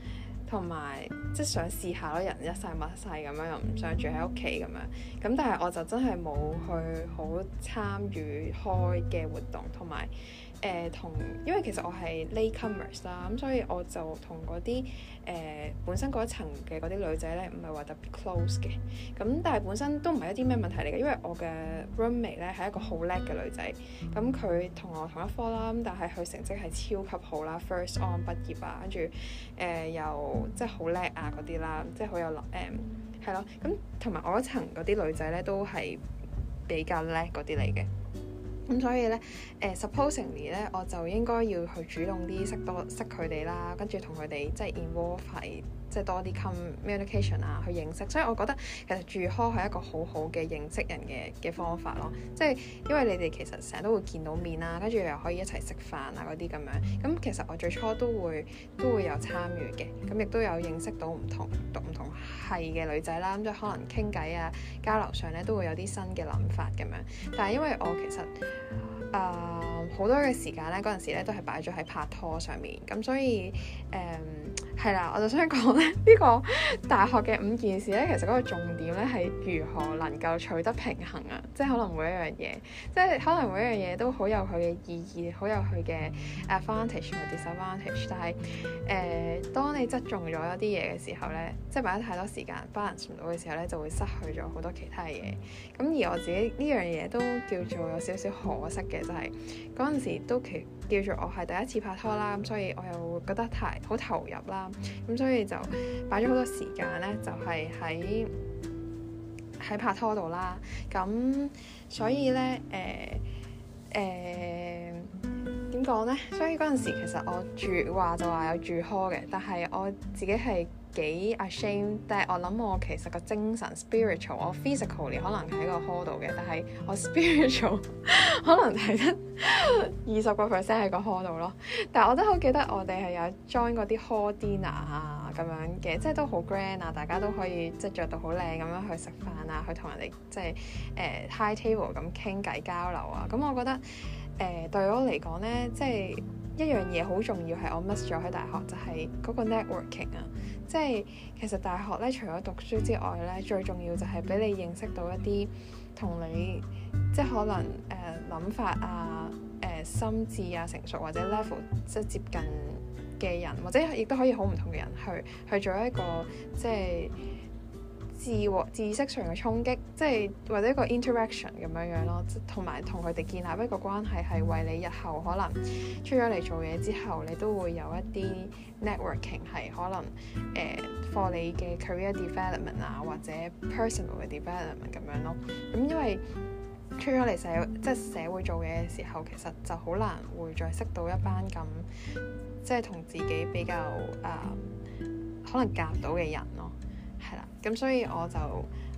同埋即係想試下咯，人一世物一世咁樣又唔想住喺屋企咁樣，咁但係我就真係冇去好參與開嘅活動，同埋。誒、呃、同，因為其實我係 latecomer 啦，咁所以我就同嗰啲誒本身嗰一層嘅嗰啲女仔咧，唔係話特別 close 嘅。咁但係本身都唔係一啲咩問題嚟嘅，因為我嘅 roommate 咧係一個好叻嘅女仔，咁佢同我同一科啦，咁但係佢成績係超級好啦，first on 畢業啊，跟住誒又即係好叻啊嗰啲啦，即係好有誒係咯。咁同埋我一層嗰啲女仔咧都係比較叻啲嚟嘅。咁所以咧，誒，supposedly 咧，我就應該要去主動啲識多識佢哋啦，跟住同佢哋即係 inward fit。War 即係多啲 communication 啊，去認識，所以我覺得其實住 hall 係一個好好嘅認識人嘅嘅方法咯。即係因為你哋其實成日都會見到面啦、啊，跟住又可以一齊食飯啊嗰啲咁樣。咁其實我最初都會都會有參與嘅，咁亦都有認識到唔同讀唔同系嘅女仔啦。咁即係可能傾偈啊、交流上咧都會有啲新嘅諗法咁樣。但係因為我其實誒好、呃、多嘅時間咧，嗰陣時咧都係擺咗喺拍拖上面，咁所以誒。嗯。係啦，我就想講咧，呢個大學嘅五件事咧，其實嗰個重點咧係如何能夠取得平衡啊！即係可能每一樣嘢，即係可能每一樣嘢都好有佢嘅意義，好有佢嘅 advantage 同埋 disadvantage 但。但係誒，當你側重咗一啲嘢嘅時候咧，即係擺得太多時間 balance 唔到嘅時候咧，就會失去咗好多其他嘢。咁而我自己呢樣嘢都叫做有少少可惜嘅，就係嗰陣時都其叫做我係第一次拍拖啦，咁所以我又會覺得太好投入啦。咁所以就擺咗好多時間咧，就係喺喺拍拖度啦。咁所以咧，誒誒點講咧？所以嗰陣時其實我住話就話有住 hall 嘅，但係我自己係幾 ashamed，但係我諗我其實個精神 spiritual，我 physically 可能喺個 hall 度嘅，但係我 spiritual 可能係得二十個 percent 喺個 hall 度咯。但係我都好記得我哋係有 join 嗰啲 hall dinner 啊，咁樣嘅，即係都好 grand 啊，大家都可以即係著到好靚咁樣去食飯啊，去同人哋即係誒、呃、high table 咁傾偈交流啊。咁我覺得誒、呃、對我嚟講咧，即係一樣嘢好重要係我 miss 咗喺大學就係、是、嗰個 networking 啊。即係其實大學咧，除咗讀書之外咧，最重要就係俾你認識到一啲同你即係可能誒諗法啊、呃、誒、呃、心智啊、成熟或者 level 即係接近嘅人，或者亦都可以好唔同嘅人去去做一個即係。智和知識上嘅衝擊，即係或者一個 interaction 咁樣樣咯，同埋同佢哋建立一個關係，係為你日後可能出咗嚟做嘢之後，你都會有一啲 networking 係可能誒、呃、for 你嘅 career development 啊，或者 personal 嘅 development 咁樣咯。咁、嗯、因為出咗嚟社即係社會做嘢嘅時候，其實就好難會再識到一班咁即係同自己比較誒、嗯、可能夾到嘅人、啊。係啦，咁所以我就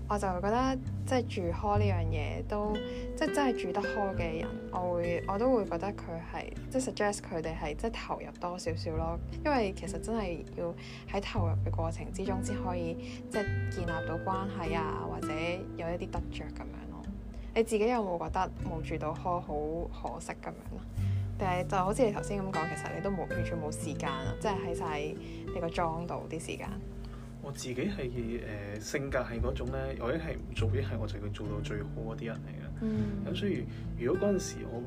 我就覺得即係住 hall 呢樣嘢都即係真係住得 hall 嘅人，我會我都會覺得佢係即係 suggest 佢哋係即係投入多少少咯。因為其實真係要喺投入嘅過程之中，先可以即係建立到關係啊，或者有一啲得着咁樣咯。你自己有冇覺得冇住到 hall 好可惜咁樣咯？但係就好似你頭先咁講，其實你都冇完全冇時間啊，即係喺晒你個莊度啲時間。我自己係誒、呃、性格係嗰種咧，我一係唔做，一係我就要做到最好嗰啲人嚟嘅。咁、嗯、所以如果嗰陣時我誒、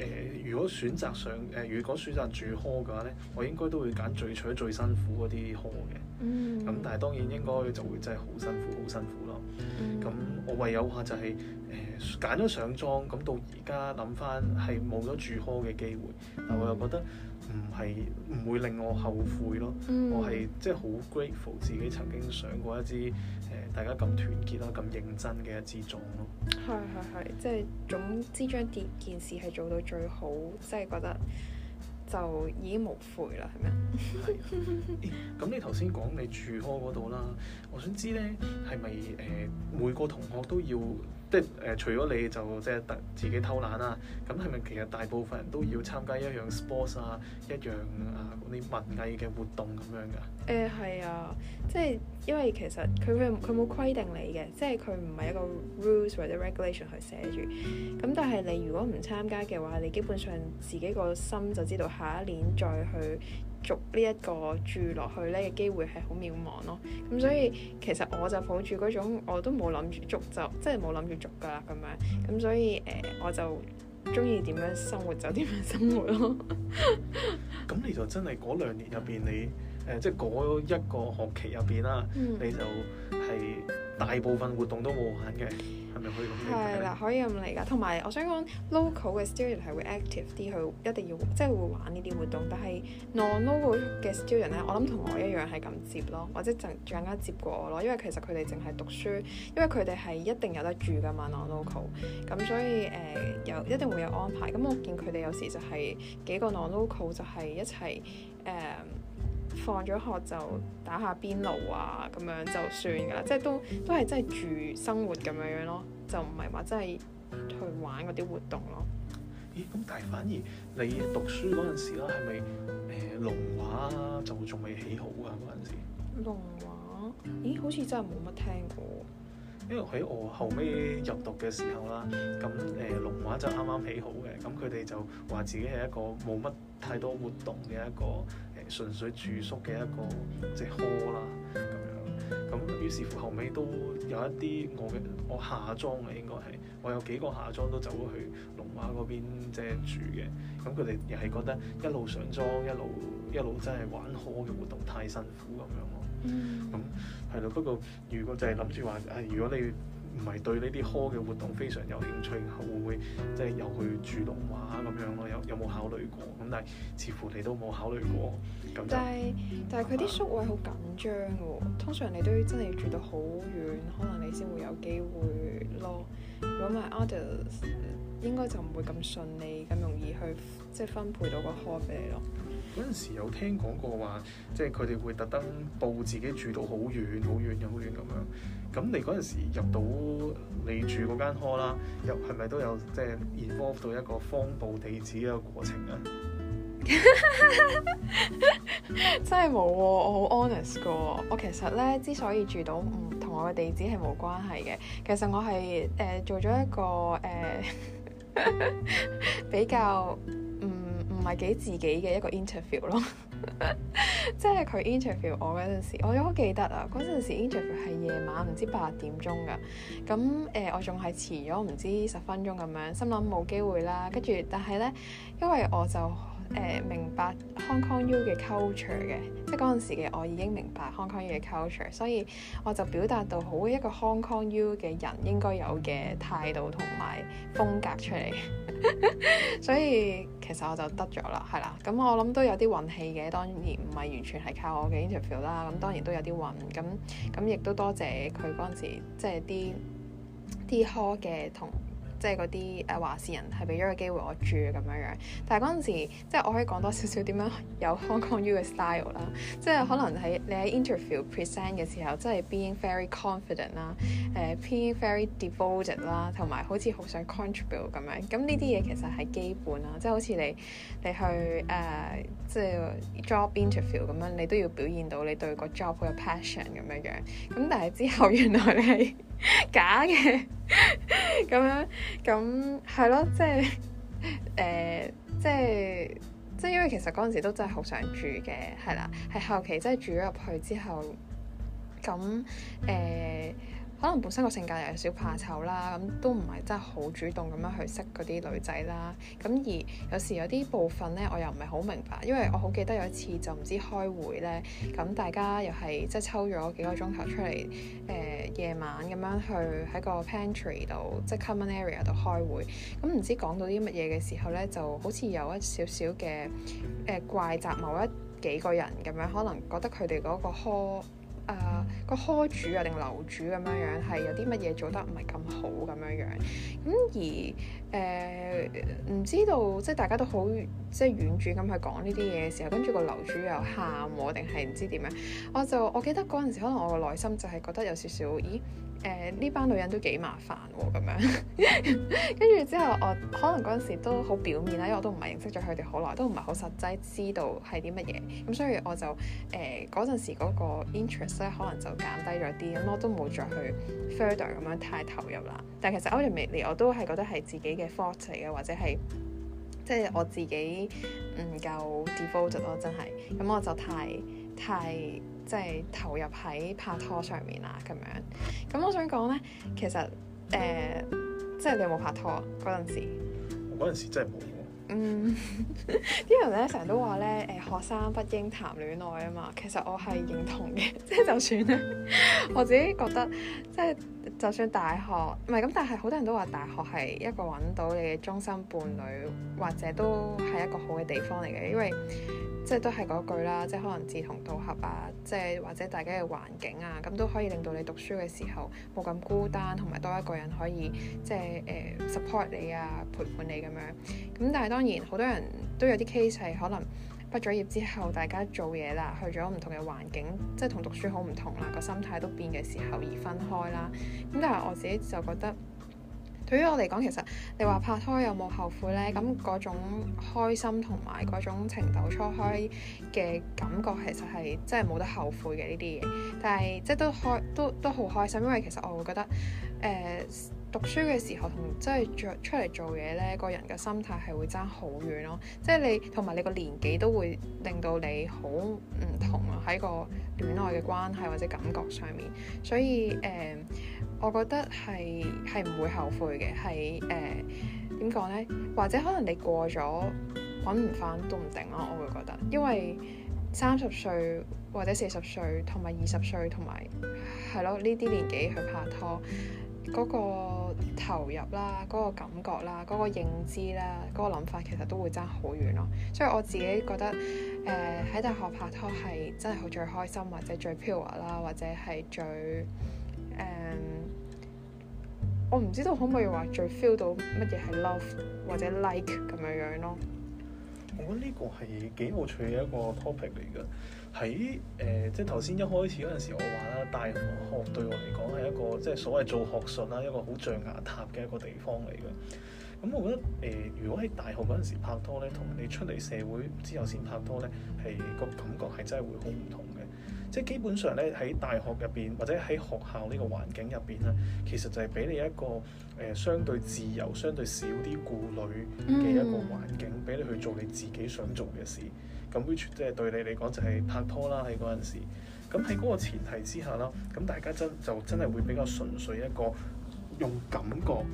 呃、如果選擇上誒、呃、如果選擇住科嘅話咧，我應該都會揀最取得最辛苦嗰啲科嘅。咁、嗯、但係當然應該就會真係好辛苦，好辛苦咯。咁、嗯、我唯有話就係誒揀咗上莊，咁到而家諗翻係冇咗住科嘅機會，嗯、但我又覺得。唔係唔會令我後悔咯。嗯、我係即係、就、好、是、grateful 自己曾經上過一支誒、嗯、大家咁團結啦、咁認真嘅一支莊咯。係係係，即係總之將啲件事係做到最好，即係覺得就已經無悔啦，係咪啊？係。咁、 欸、你頭先講你住開嗰度啦，我想知咧係咪誒每個同學都要？即係、呃、除咗你就即係、就是、自己偷懶啊，咁係咪其實大部分人都要參加一樣 sports 啊，一樣啊嗰啲文藝嘅活動咁樣噶、啊？誒係、呃、啊，即係因為其實佢佢佢冇規定你嘅，即係佢唔係一個 rules 或者 regulation 去寫住。咁但係你如果唔參加嘅話，你基本上自己個心就知道下一年再去。續呢一個住落去咧嘅機會係好渺茫咯，咁所以其實我就抱住嗰種我都冇諗住續，就即係冇諗住續噶啦咁樣，咁所以誒、呃、我就中意點樣生活就點樣生活咯。 咁你就真係嗰兩年入邊你誒即係嗰一個學期入邊啦，嗯、你就係、是。大部分活動都冇玩嘅，係咪可以咁接？係啦，可以咁嚟㗎。同埋，我想講 local 嘅 student 係會 active 啲，佢一定要即係會玩呢啲活動。但係 non-local 嘅 student 咧，我諗同我一樣係咁接咯，或者仲更加接過我咯。因為其實佢哋淨係讀書，因為佢哋係一定有得住㗎嘛。non-local 咁所以誒、呃，有一定會有安排。咁我見佢哋有時就係幾個 non-local 就係一齊誒。呃放咗學就打下邊爐啊，咁樣就算噶啦，即係都都係真係住生活咁樣樣咯，就唔係話真係去玩嗰啲活動咯。咦？咁但係反而你讀書嗰陣時啦，係咪誒龍畫就仲未起好噶嗰陣時？龍畫？咦？好似真係冇乜聽過。因為喺我後尾入讀嘅時候啦，咁誒龍畫就啱啱起好嘅，咁佢哋就話自己係一個冇乜太多活動嘅一個。純粹住宿嘅一個即係窩啦咁樣，咁 於是乎後尾都有一啲我嘅我，我下莊嘅應該係，我有幾個下莊都走咗去龍華嗰邊即係住嘅，咁佢哋又係覺得一路上莊一路一路，一路真係玩窩嘅活動太辛苦咁樣咯，咁係咯，不過如果就係諗住話，唉、哎、如果你唔係對呢啲科嘅活動非常有興趣，會唔會即係又去住龍華咁樣咯？有有冇考慮過咁？但係似乎你都冇考慮過咁。但係但係佢啲宿位好緊張喎、哦，通常你都真係要住到好遠，可能你先會有機會咯。如果唔係 others，應該就唔會咁順利咁容易去即係、就是、分配到個科俾你咯。嗰陣時有聽講過話，即係佢哋會特登報自己住到好遠、好遠、又好遠咁樣。咁你嗰陣時入到你住嗰間 hall 啦，有係咪都有即係 involve 到一個謊報地址嘅過程 啊？真係冇，我好 honest 㗎。我其實咧之所以住到唔同我嘅地址係冇關係嘅，其實我係誒、呃、做咗一個誒、呃、比較。唔係幾自己嘅一個 interview 咯， 即係佢 interview 我嗰陣時，我都好記得啊。嗰陣時 interview 係夜晚唔知八點鐘噶咁誒、呃，我仲係遲咗唔知十分鐘咁樣，心諗冇機會啦。跟住但係咧，因為我就。呃、明白 Hong Kong U 嘅 culture 嘅，即係嗰陣時嘅我已經明白 Hong Kong U 嘅 culture，所以我就表達到好一個 Hong Kong U 嘅人應該有嘅態度同埋風格出嚟， 所以其實我就得咗啦，係啦，咁我諗都有啲運氣嘅，當然唔係完全係靠我嘅 interview 啦，咁當然都有啲運，咁咁亦都多謝佢嗰陣時即係啲啲科嘅同。即係嗰啲誒話事人係俾咗個機會我住咁樣樣，但係嗰陣時即係我可以講多少少點,點樣有 Hong Kong you 嘅 style 啦，即係可能喺你喺 interview present 嘅時候，即係 being very confident 啦，誒、呃、being very devoted 啦，同埋好似好想 contribute 咁樣，咁呢啲嘢其實係基本啦，即係好似你你去誒即係 job interview 咁樣，你都要表現到你對個 job 好有 passion 咁樣樣，咁但係之後原來你係。 假嘅咁 樣，咁係咯，即係誒，即係即係，因為其實嗰陣時都真係好想住嘅，係啦，係後期真係住咗入去之後，咁誒。欸可能本身個性格又有少怕醜啦，咁都唔係真係好主動咁樣去識嗰啲女仔啦。咁而有時有啲部分呢，我又唔係好明白，因為我好記得有一次就唔知開會呢，咁大家又係即係抽咗幾個鐘頭出嚟、呃，夜晚咁樣去喺個 pantry 度，即係 common area 度開會。咁唔知講到啲乜嘢嘅時候呢，就好似有一少少嘅怪責某一幾個人咁樣，可能覺得佢哋嗰個 haul, 誒、啊、個開主啊定樓主咁樣樣係有啲乜嘢做得唔係咁好咁樣樣，咁、嗯、而誒唔、呃、知道即係大家都好即係婉轉咁去講呢啲嘢嘅時候，跟住個樓主又喊我，定係唔知點樣，我就我記得嗰陣時可能我個內心就係覺得有少少咦。誒呢、呃、班女人都幾麻煩喎，咁樣跟住之後我，我可能嗰陣時都好表面啦，因為我都唔係認識咗佢哋好耐，都唔係好實際知道係啲乜嘢，咁、嗯、所以我就誒嗰陣時嗰個 interest 咧可能就減低咗啲，咁、嗯、我都冇再去 further 咁樣太投入啦。但其實 ultimately 我都係覺得係自己嘅 fault 嚟嘅，或者係即係我自己唔夠 devoted 咯，真係，咁、嗯、我就太太。即係投入喺拍拖上面啦，咁樣，咁我想講呢，其實誒，呃、 即係你有冇拍拖嗰陣時？嗰陣時真係冇。嗯 啲 人咧成日都話咧，誒，學生不應談戀愛啊嘛，其實我係認同嘅，即 係就算， 我自己覺得，即係就算大學，唔係咁，但係好多人都話大學係一個搵到你嘅終身伴侶，或者都係一個好嘅地方嚟嘅，因為。即係都係嗰句啦，即係可能志同道合啊，即係或者大家嘅環境啊，咁都可以令到你讀書嘅時候冇咁孤單，同埋多一個人可以即係、呃、support 你啊，陪伴你咁樣。咁但係當然好多人都有啲 case 係可能畢咗業之後，大家做嘢啦，去咗唔同嘅環境，即係同讀書好唔同啦，個心態都變嘅時候而分開啦。咁但係我自己就覺得。對於我嚟講，其實你話拍拖有冇後悔呢？咁嗰種開心同埋嗰種情竇初開嘅感覺，其實係真係冇得後悔嘅呢啲嘢。但係即係都開，都都好開心，因為其實我會覺得誒、呃，讀書嘅時候同即係著出嚟做嘢呢個人嘅心態係會差好遠咯。即係你同埋你個年紀都會令到你好唔同啊，喺個戀愛嘅關係或者感覺上面。所以誒。呃我覺得係係唔會後悔嘅，係誒點講呢？或者可能你過咗揾唔返都唔定咯，我會覺得，因為三十歲或者四十歲同埋二十歲同埋係咯呢啲年紀去拍拖，嗰、那個投入啦、嗰、那個感覺啦、嗰、那個認知啦、嗰、那個諗法其實都會爭好遠咯。所以我自己覺得喺、呃、大學拍拖係真係好最開心，或者最 pure 啦，或者係最、呃我唔知道可唔可以話再 feel 到乜嘢係 love 或者 like 咁樣樣咯。我覺得呢個係幾有趣嘅一個 topic 嚟嘅。喺誒、呃、即係頭先一開始嗰陣時，我話啦，大學，學對我嚟講係一個即係所謂做學術啦，一個好象牙塔嘅一個地方嚟嘅。咁我覺得誒、呃，如果喺大學嗰陣時拍拖咧，同你出嚟社會之後先拍拖咧，係個感覺係真係會好唔同。即係基本上咧，喺大學入邊或者喺學校呢個環境入邊咧，其實就係俾你一個誒、呃、相對自由、相對少啲顧慮嘅一個環境，俾、嗯、你去做你自己想做嘅事。咁 which 即係對你嚟講就係拍拖啦。喺嗰陣時，咁喺嗰個前提之下啦，咁大家真就真係會比較純粹一個用感覺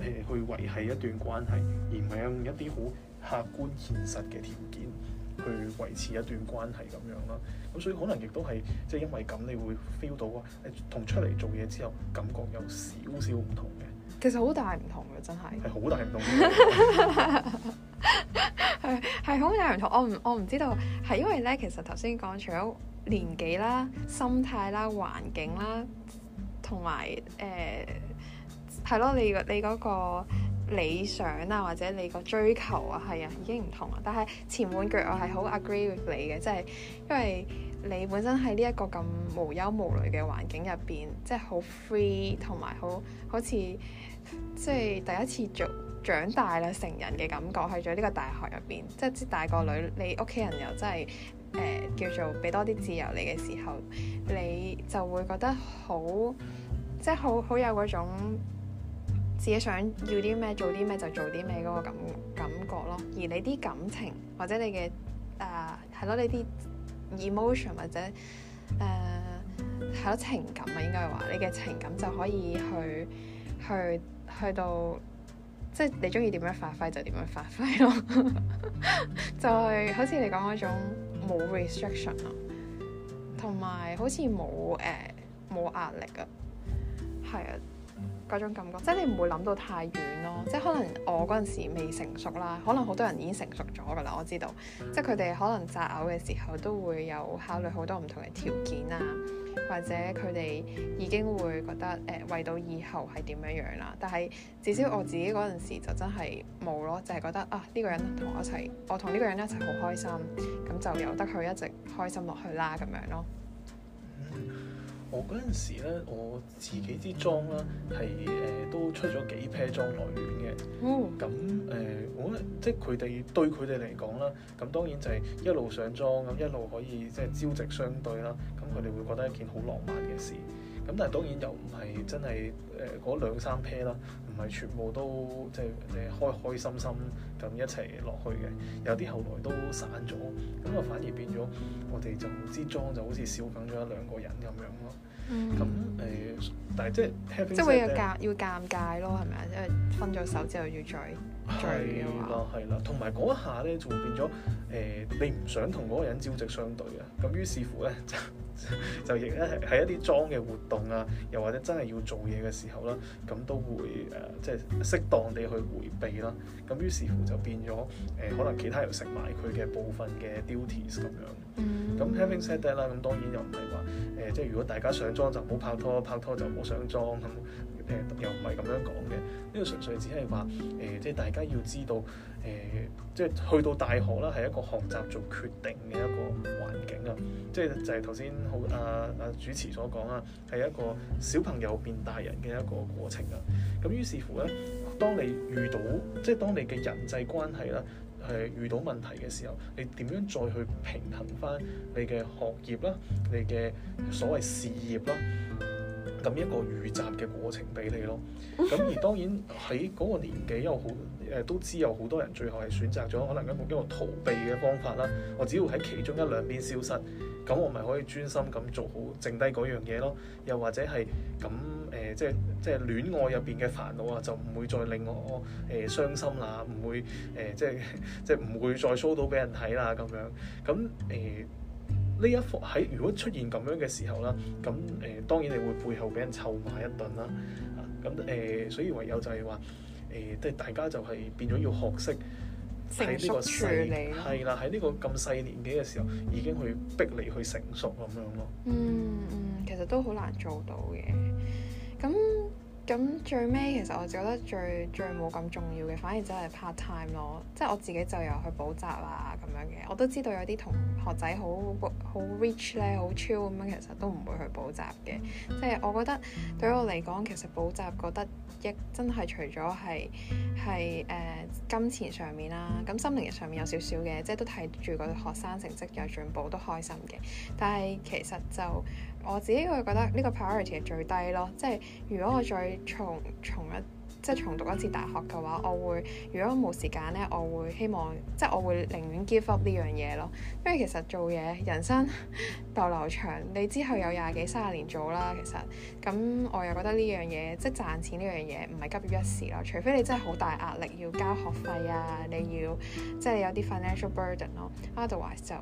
誒去維繫一段關係，而唔係用一啲好客觀現實嘅條件去維持一段關係咁樣咯。所以可能亦都係，即係因為咁你會 feel 到啊，同、欸、出嚟做嘢之後感覺有少少唔同嘅。其實好大唔同嘅，真係係好大唔同，係係好大唔同。我唔我唔知道，係因為咧，其實頭先講除咗年紀啦、心態啦、環境啦，同埋誒係咯，你你嗰個理想啊，或者你個追求啊，係啊，已經唔同啊。但係前半句我係好 agree with 你嘅，即係因為。你本身喺呢一個咁無憂無慮嘅環境入邊，即係好 free，同埋好好似即係第一次長長大啦，成人嘅感覺，去咗呢個大學入邊，即係啲大個女，你屋企人又真係誒、呃、叫做俾多啲自由你嘅時候，你就會覺得好即係好好有嗰種自己想要啲咩做啲咩就做啲咩嗰個感感覺咯。而你啲感情或者你嘅啊係咯，你啲。Emotion 或者誒係咯情感啊，應該係話你嘅情感就可以去去去到即係你中意點樣發揮就點樣發揮咯， 就係好似你講嗰種冇 restriction 啊，同埋好似冇誒冇壓力啊，係啊。嗰種感覺，即係你唔會諗到太遠咯。即係可能我嗰陣時未成熟啦，可能好多人已經成熟咗㗎啦。我知道，即係佢哋可能擇偶嘅時候都會有考慮好多唔同嘅條件啊，或者佢哋已經會覺得誒、呃、為到以後係點樣樣啦。但係至少我自己嗰陣時就真係冇咯，就係、係、覺得啊呢、呢個人同我一齊，我同呢個人一齊好開心，咁就由得佢一直開心落去啦咁樣咯。我嗰陣時咧，我自己啲裝啦，係誒、呃、都出咗幾 pair 裝來源嘅。嗯，咁、呃、誒，我即係佢哋對佢哋嚟講啦，咁當然就係一路上裝咁一路可以即係朝夕相對啦。咁佢哋會覺得一件好浪漫嘅事。咁但係當然又唔係真係誒嗰兩三 pair 啦，唔係全部都即係誒開開心心咁一齊落去嘅，有啲後來都散咗，咁啊反而變咗我哋就之裝就好似少緊咗一兩個人咁樣咯。咁誒、嗯嗯呃，但係即係即係會有尷要尷尬咯，係咪啊？因為分咗手之後要聚，係啦係啦，同埋嗰下咧就會變咗誒、呃、你唔想同嗰個人朝夕相對嘅，咁於是乎咧就。 就亦咧喺一啲莊嘅活動啊，又或者真係要做嘢嘅時候啦，咁都會誒、呃、即係適當地去迴避啦。咁於是乎就變咗誒、呃、可能其他人食埋佢嘅部分嘅 duties 咁樣。咁、mm hmm. having said that 啦，咁當然又唔係話誒即係如果大家上莊就唔好拍拖，拍拖就唔好上莊。呵呵誒又唔係咁樣講嘅，呢個純粹只係話誒，即、呃、係、即係、大家要知道，誒即係去到大學啦，係一個學習做決定嘅一個環境、即係、啊，即係就係頭先好啊啊主持所講啊，係一個小朋友變大人嘅一個過程啊，咁於是乎咧，當你遇到即係、即係、當你嘅人際關係啦係遇到問題嘅時候，你點樣再去平衡翻你嘅學業啦，你嘅所謂事業啦？咁一個預習嘅過程俾你咯，咁而當然喺嗰個年紀有好誒，都知有好多人最後係選擇咗可能一個一個逃避嘅方法啦，我只要喺其中一兩邊消失，咁我咪可以專心咁做好剩低嗰樣嘢咯，又或者係咁誒即係即係戀愛入邊嘅煩惱啊，就唔會再令我誒、呃、傷心啦，唔會誒、呃、即係即係唔會再 show 到俾人睇啦咁樣，咁誒。呃呢一幅喺如果出現咁樣嘅時候啦，咁誒、呃、當然你會背後俾人臭罵一頓啦，啊咁誒，所以唯有就係話誒，即、呃、係大家就係變咗要學識喺呢個細係啦，喺呢個咁細年紀嘅時候已經去逼你去成熟咁樣咯。嗯嗯，其實都好難做到嘅，咁。咁最尾其實我覺得最最冇咁重要嘅，反而就係 part time 咯，即係我自己就有去補習啊咁樣嘅。我都知道有啲同學仔好好 rich 咧，好 chill 咁樣，其實都唔會去補習嘅。即係我覺得對我嚟講，其實補習覺得一真係除咗係係誒金錢上面啦，咁心靈上面有少少嘅，即係都睇住個學生成績有進步都開心嘅。但係其實就我自己會覺得呢個 priority 係最低咯，即係如果我再重重一即係重讀一次大學嘅話，我會如果我冇時間呢，我會希望即係我會寧願 give up 呢樣嘢咯，因為其實做嘢人生 逗留長，你之後有廿幾三十年做啦，其實咁我又覺得呢樣嘢即係賺錢呢樣嘢唔係急於一時咯，除非你真係好大壓力要交學費啊，你要即係你有啲 financial burden 咯 ，otherwise 就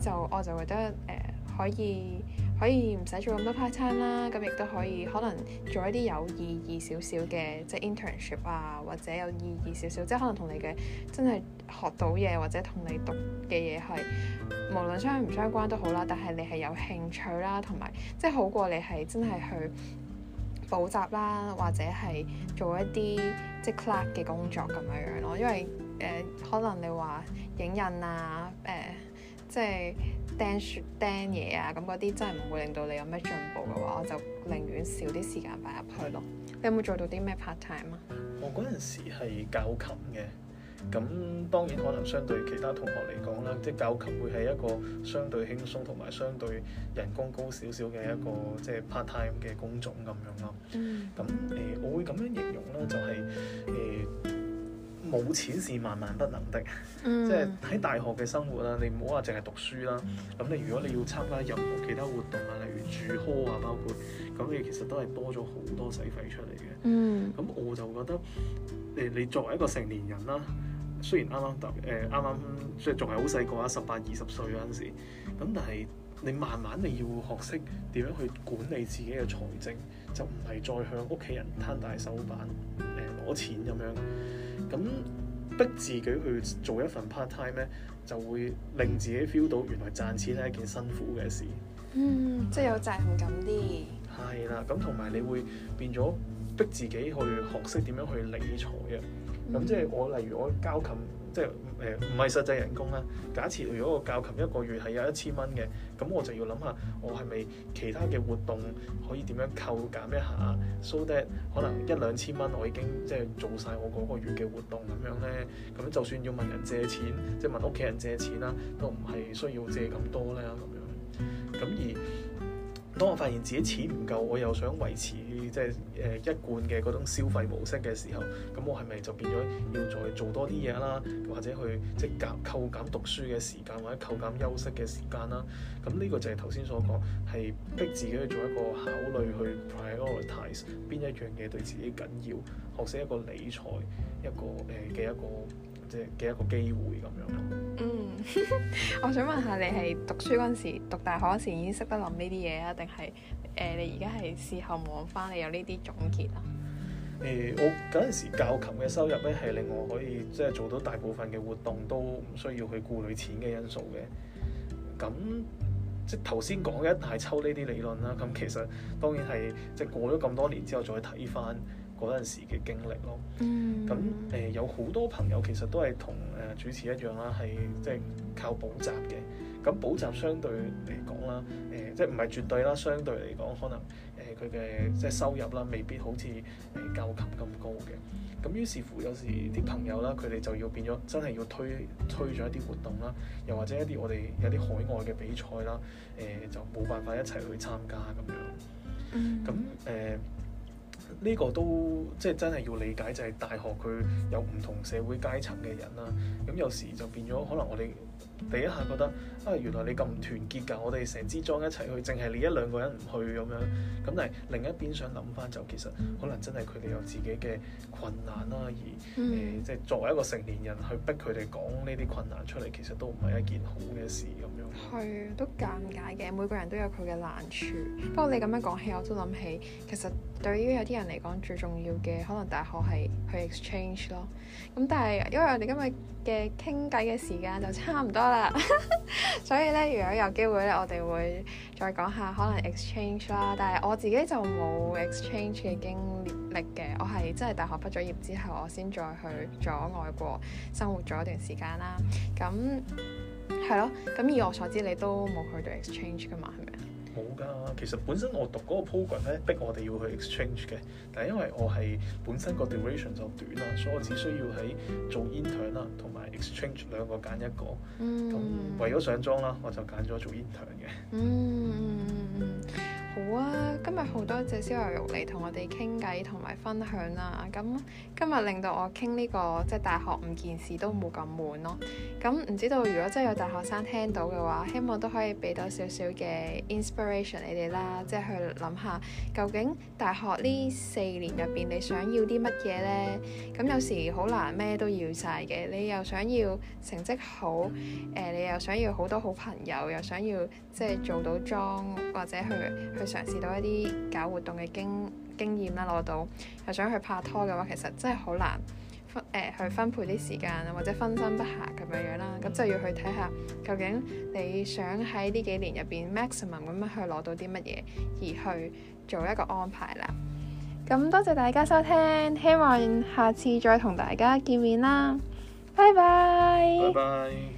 就我就覺得誒、呃、可以。可以唔使做咁多 part time 啦，咁亦都可以可能做一啲有意義少少嘅即係 internship 啊，或者有意義少少，即係可能同你嘅真係學到嘢，或者同你讀嘅嘢係，無論相唔相關都好啦，但係你係有興趣啦，同埋即係好過你係真係去補習啦，或者係做一啲即係 clerk 嘅工作咁樣樣咯，因為誒、呃，可能你話影印啊誒。呃即係釘書釘嘢啊，咁嗰啲真係唔會令到你有咩進步嘅話，我就寧願少啲時間擺入去咯。的你有冇做到啲咩 part time 啊？我嗰陣時係教琴嘅，咁當然可能相對其他同學嚟講啦，即係教琴會係一個相對輕鬆同埋相對人工高少少嘅一個即係 part time 嘅工種咁樣咯。嗯。咁誒、呃，我會咁樣形容啦，就係、是、誒。呃冇錢是萬萬不能的，即係喺大學嘅生活啦、啊。你唔好話淨係讀書啦、啊。咁你如果你要參加任何其他活動啊，例如住科啊，包括咁，你其實都係多咗好多使費出嚟嘅。咁、mm. 我就覺得，誒，你作為一個成年人啦、啊，雖然啱啱特啱啱即係仲係好細個啊，十八二十歲嗰陣時，咁但係你慢慢你要學識點樣去管理自己嘅財政，就唔係再向屋企人攤大手板誒攞錢咁樣。咁逼自己去做一份 part time 咧，就會令自己 feel 到原來賺錢係一件辛苦嘅事。嗯，即係有責任感啲。係啦，咁同埋你會變咗逼自己去學識點樣去理財啊。咁即係我例如我教琴。即係誒唔係實際人工啦。假設如果我教琴一個月係有一千蚊嘅，咁我就要諗下，我係咪其他嘅活動可以點樣扣減一下，So that 可能一兩千蚊我已經即係做晒我嗰個月嘅活動咁樣咧。咁就算要問人借錢，即係問屋企人借錢啦，都唔係需要借咁多啦。咁樣。咁而當我發現自己錢唔夠，我又想維持即係誒一貫嘅嗰種消費模式嘅時候，咁我係咪就變咗要再做多啲嘢啦，或者去即係扣減讀書嘅時間，或者扣減休息嘅時間啦？咁呢個就係頭先所講，係逼自己去做一個考慮去 prioritize 邊一樣嘢對自己緊要，學識一個理財一個誒嘅、呃、一個即係嘅一個機會咁樣咯。 我想問下你係讀書嗰陣時，讀大學嗰時已經識得諗呢啲嘢啊？定係誒，你而家係事後望翻，你有呢啲總結啊？誒、欸，我嗰陣時教琴嘅收入咧，係令我可以即係做到大部分嘅活動都唔需要去顧慮錢嘅因素嘅。咁即係頭先講嘅一大抽呢啲理論啦。咁其實當然係即係過咗咁多年之後再睇翻。嗰陣時嘅經歷咯，咁誒、呃、有好多朋友其實都係同誒主持一樣啦，係即係靠補習嘅。咁補習相對嚟講啦，誒、呃、即係唔係絕對啦，相對嚟講可能誒佢嘅即係收入啦，未必好似誒、呃、教琴咁高嘅。咁於是乎有時啲朋友啦，佢哋就要變咗真係要推推咗一啲活動啦，又或者一啲我哋有啲海外嘅比賽啦，誒、呃、就冇辦法一齊去參加咁樣。咁誒。呃呢個都即係真係要理解，就係、是、大學佢有唔同社會階層嘅人啦。咁有時就變咗，可能我哋第一下覺得啊，原來你咁唔團結㗎，我哋成支莊一齊去，淨係你一兩個人唔去咁樣，咁但係另一邊想諗翻就，其實可能真係佢哋有自己嘅困難啦，而誒、呃、即係作為一個成年人去逼佢哋講呢啲困難出嚟，其實都唔係一件好嘅事咁樣。係啊，都尷尬嘅，每個人都有佢嘅難處。不過你咁樣講起，我都諗起，其實對於有啲人嚟講，最重要嘅可能大學係去 exchange 咯。咁但係因為我哋今日嘅傾偈嘅時間就差唔多啦， 所以呢，如果有機會呢，我哋會再講下可能 exchange 啦。但係我自己就冇 exchange 嘅經歷嘅，我係真係大學畢咗業之後，我先再去咗外國生活咗一段時間啦。咁。係咯，咁以我所知你都冇去到 exchange 噶嘛，係咪啊？冇噶，其實本身我讀嗰個 program 咧，逼我哋要去 exchange 嘅，但係因為我係本身個 duration 就短啦，所以我只需要喺做 intern 啦同埋 exchange 兩個揀一個，咁、嗯、為咗上莊啦，我就揀咗做 intern 嘅。嗯嗯嗯嗯好啊，今日好多謝燒牛肉嚟同我哋傾偈同埋分享啦。咁今日令到我傾呢、呢個即係大學五件事都冇咁悶咯。咁唔知道如果真係有大學生聽到嘅話，希望都可以俾多少少嘅 inspiration 你哋啦，即係去諗下究竟大學呢四年入邊你想要啲乜嘢呢？咁有時好難咩都要晒嘅。你又想要成績好，誒、呃、你又想要好多好朋友，又想要即係做到妝或者去，去嘗試到一啲搞活動嘅經經驗啦，攞到又想去拍拖嘅話，其實真係好難分誒、呃、去分配啲時間，或者分身不暇咁樣樣啦。咁就要去睇下究竟你想喺呢幾年入邊 maximum 咁樣去攞到啲乜嘢，而去做一個安排啦。咁多謝大家收聽，希望下次再同大家見面啦。拜拜。Bye bye.